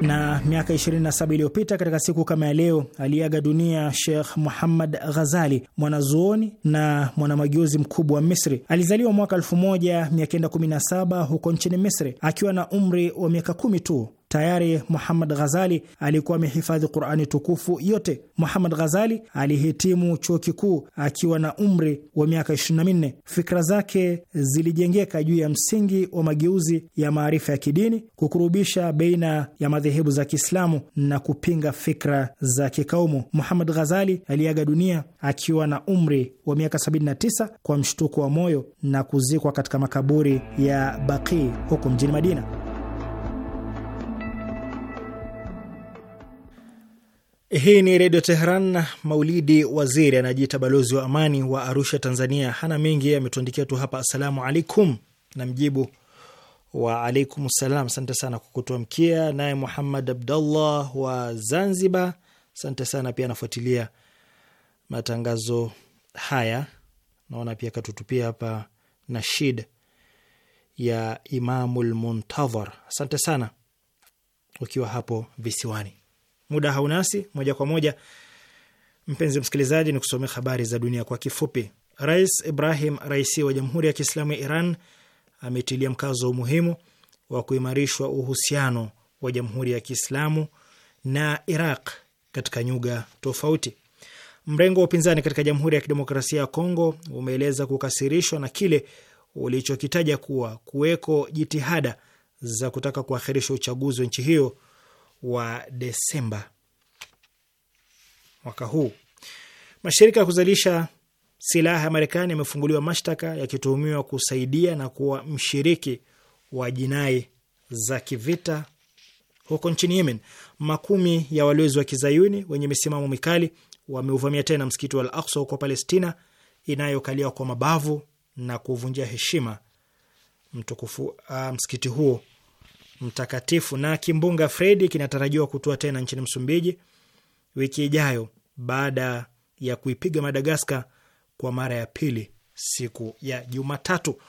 na miaka 27 iliyopita katika siku kama ya leo aliaga dunia Sheikh Muhammad Ghazali, mwanazuoni na mwanamageuzi mkubwa wa Misri. Alizaliwa mwaka 1917 huko nchini Misri akiwa na umri wa miaka kumi tu. Tayari Muhammad Ghazali alikuwa amehifadhi Qurani tukufu yote. Muhammad Ghazali alihitimu chuo kikuu akiwa na umri wa miaka 24. Fikra zake zilijengeka juu ya msingi wa mageuzi ya maarifa ya kidini, kukurubisha beina ya madhehebu za Kiislamu na kupinga fikra za kikaumu. Muhammad Ghazali aliaga dunia akiwa na umri wa miaka 79 kwa mshtuko wa moyo na kuzikwa katika makaburi ya Baqi huko mjini Madina. Hii ni Redio Teheran. Maulidi Waziri anajiita balozi wa amani wa Arusha, Tanzania. Hana mengi ametuandikia tu hapa, assalamu alaikum, na mjibu wa alaikum salam. Asante sana kwa kutuamkia. Naye Muhammad Abdallah wa Zanzibar, asante sana pia, anafuatilia matangazo haya. Naona pia katutupia hapa nashid ya Imamul Muntadhar, asante sana ukiwa hapo visiwani. Muda haunasi moja kwa moja, mpenzi msikilizaji, ni kusomea habari za dunia kwa kifupi. Rais Ibrahim Raisi wa Jamhuri ya Kiislamu ya Iran ametilia mkazo umuhimu wa kuimarishwa uhusiano wa Jamhuri ya Kiislamu na Iraq katika nyuga tofauti. Mrengo wa upinzani katika Jamhuri ya Kidemokrasia ya Kongo umeeleza kukasirishwa na kile ulichokitaja kuwa kuweko jitihada za kutaka kuakhirisha uchaguzi wa nchi hiyo wa Desemba mwaka huu. Mashirika ya kuzalisha silaha ya Marekani yamefunguliwa mashtaka yakituhumiwa kusaidia na kuwa mshiriki wa jinai za kivita huko nchini Yemen. Makumi ya walowezi wa kizayuni wenye misimamo mikali wameuvamia tena msikiti wa Al Aksa huko Palestina inayokaliwa kwa mabavu na kuvunjia heshima mtukufu uh, msikiti huo mtakatifu. Na kimbunga Fredi kinatarajiwa kutua tena nchini Msumbiji wiki ijayo baada ya kuipiga Madagaskar kwa mara ya pili siku ya Jumatatu.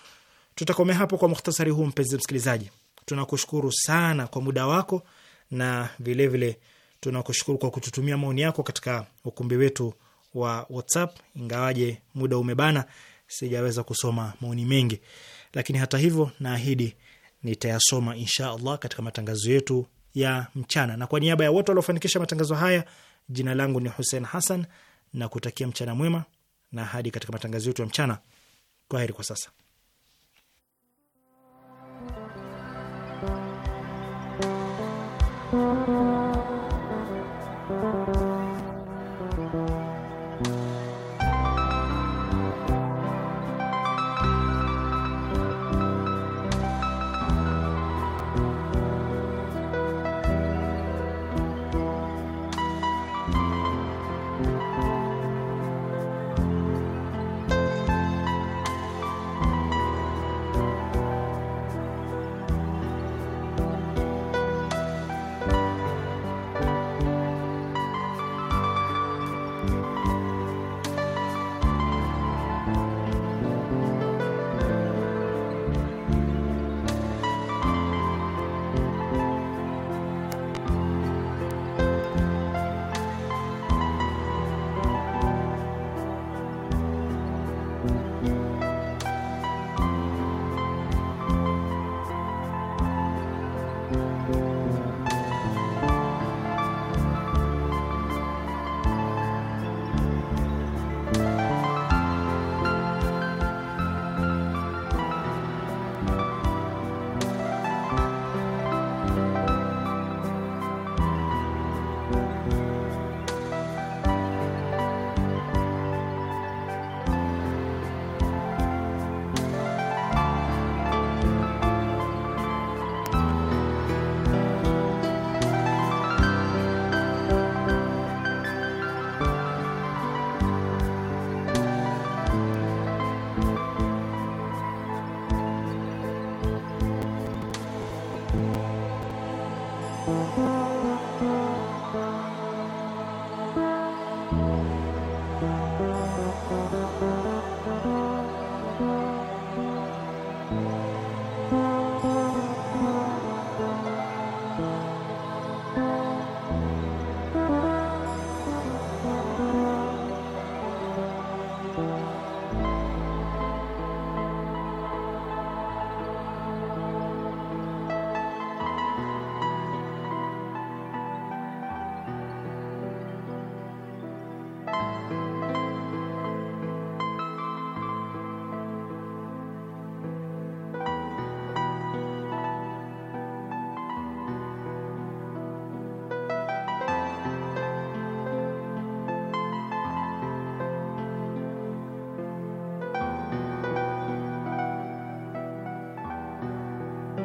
Tutakomea hapo kwa muhtasari huu. Mpenzi msikilizaji, tunakushukuru sana kwa muda wako na vilevile tunakushukuru kwa kututumia maoni yako katika ukumbi wetu wa WhatsApp. Ingawaje muda umebana, sijaweza kusoma maoni mengi, lakini hata hivyo naahidi nitayasoma insha Allah katika matangazo yetu ya mchana. Na kwa niaba ya wote waliofanikisha matangazo haya, jina langu ni Hussein Hassan na kutakia mchana mwema, na hadi katika matangazo yetu ya mchana, kwa heri kwa sasa.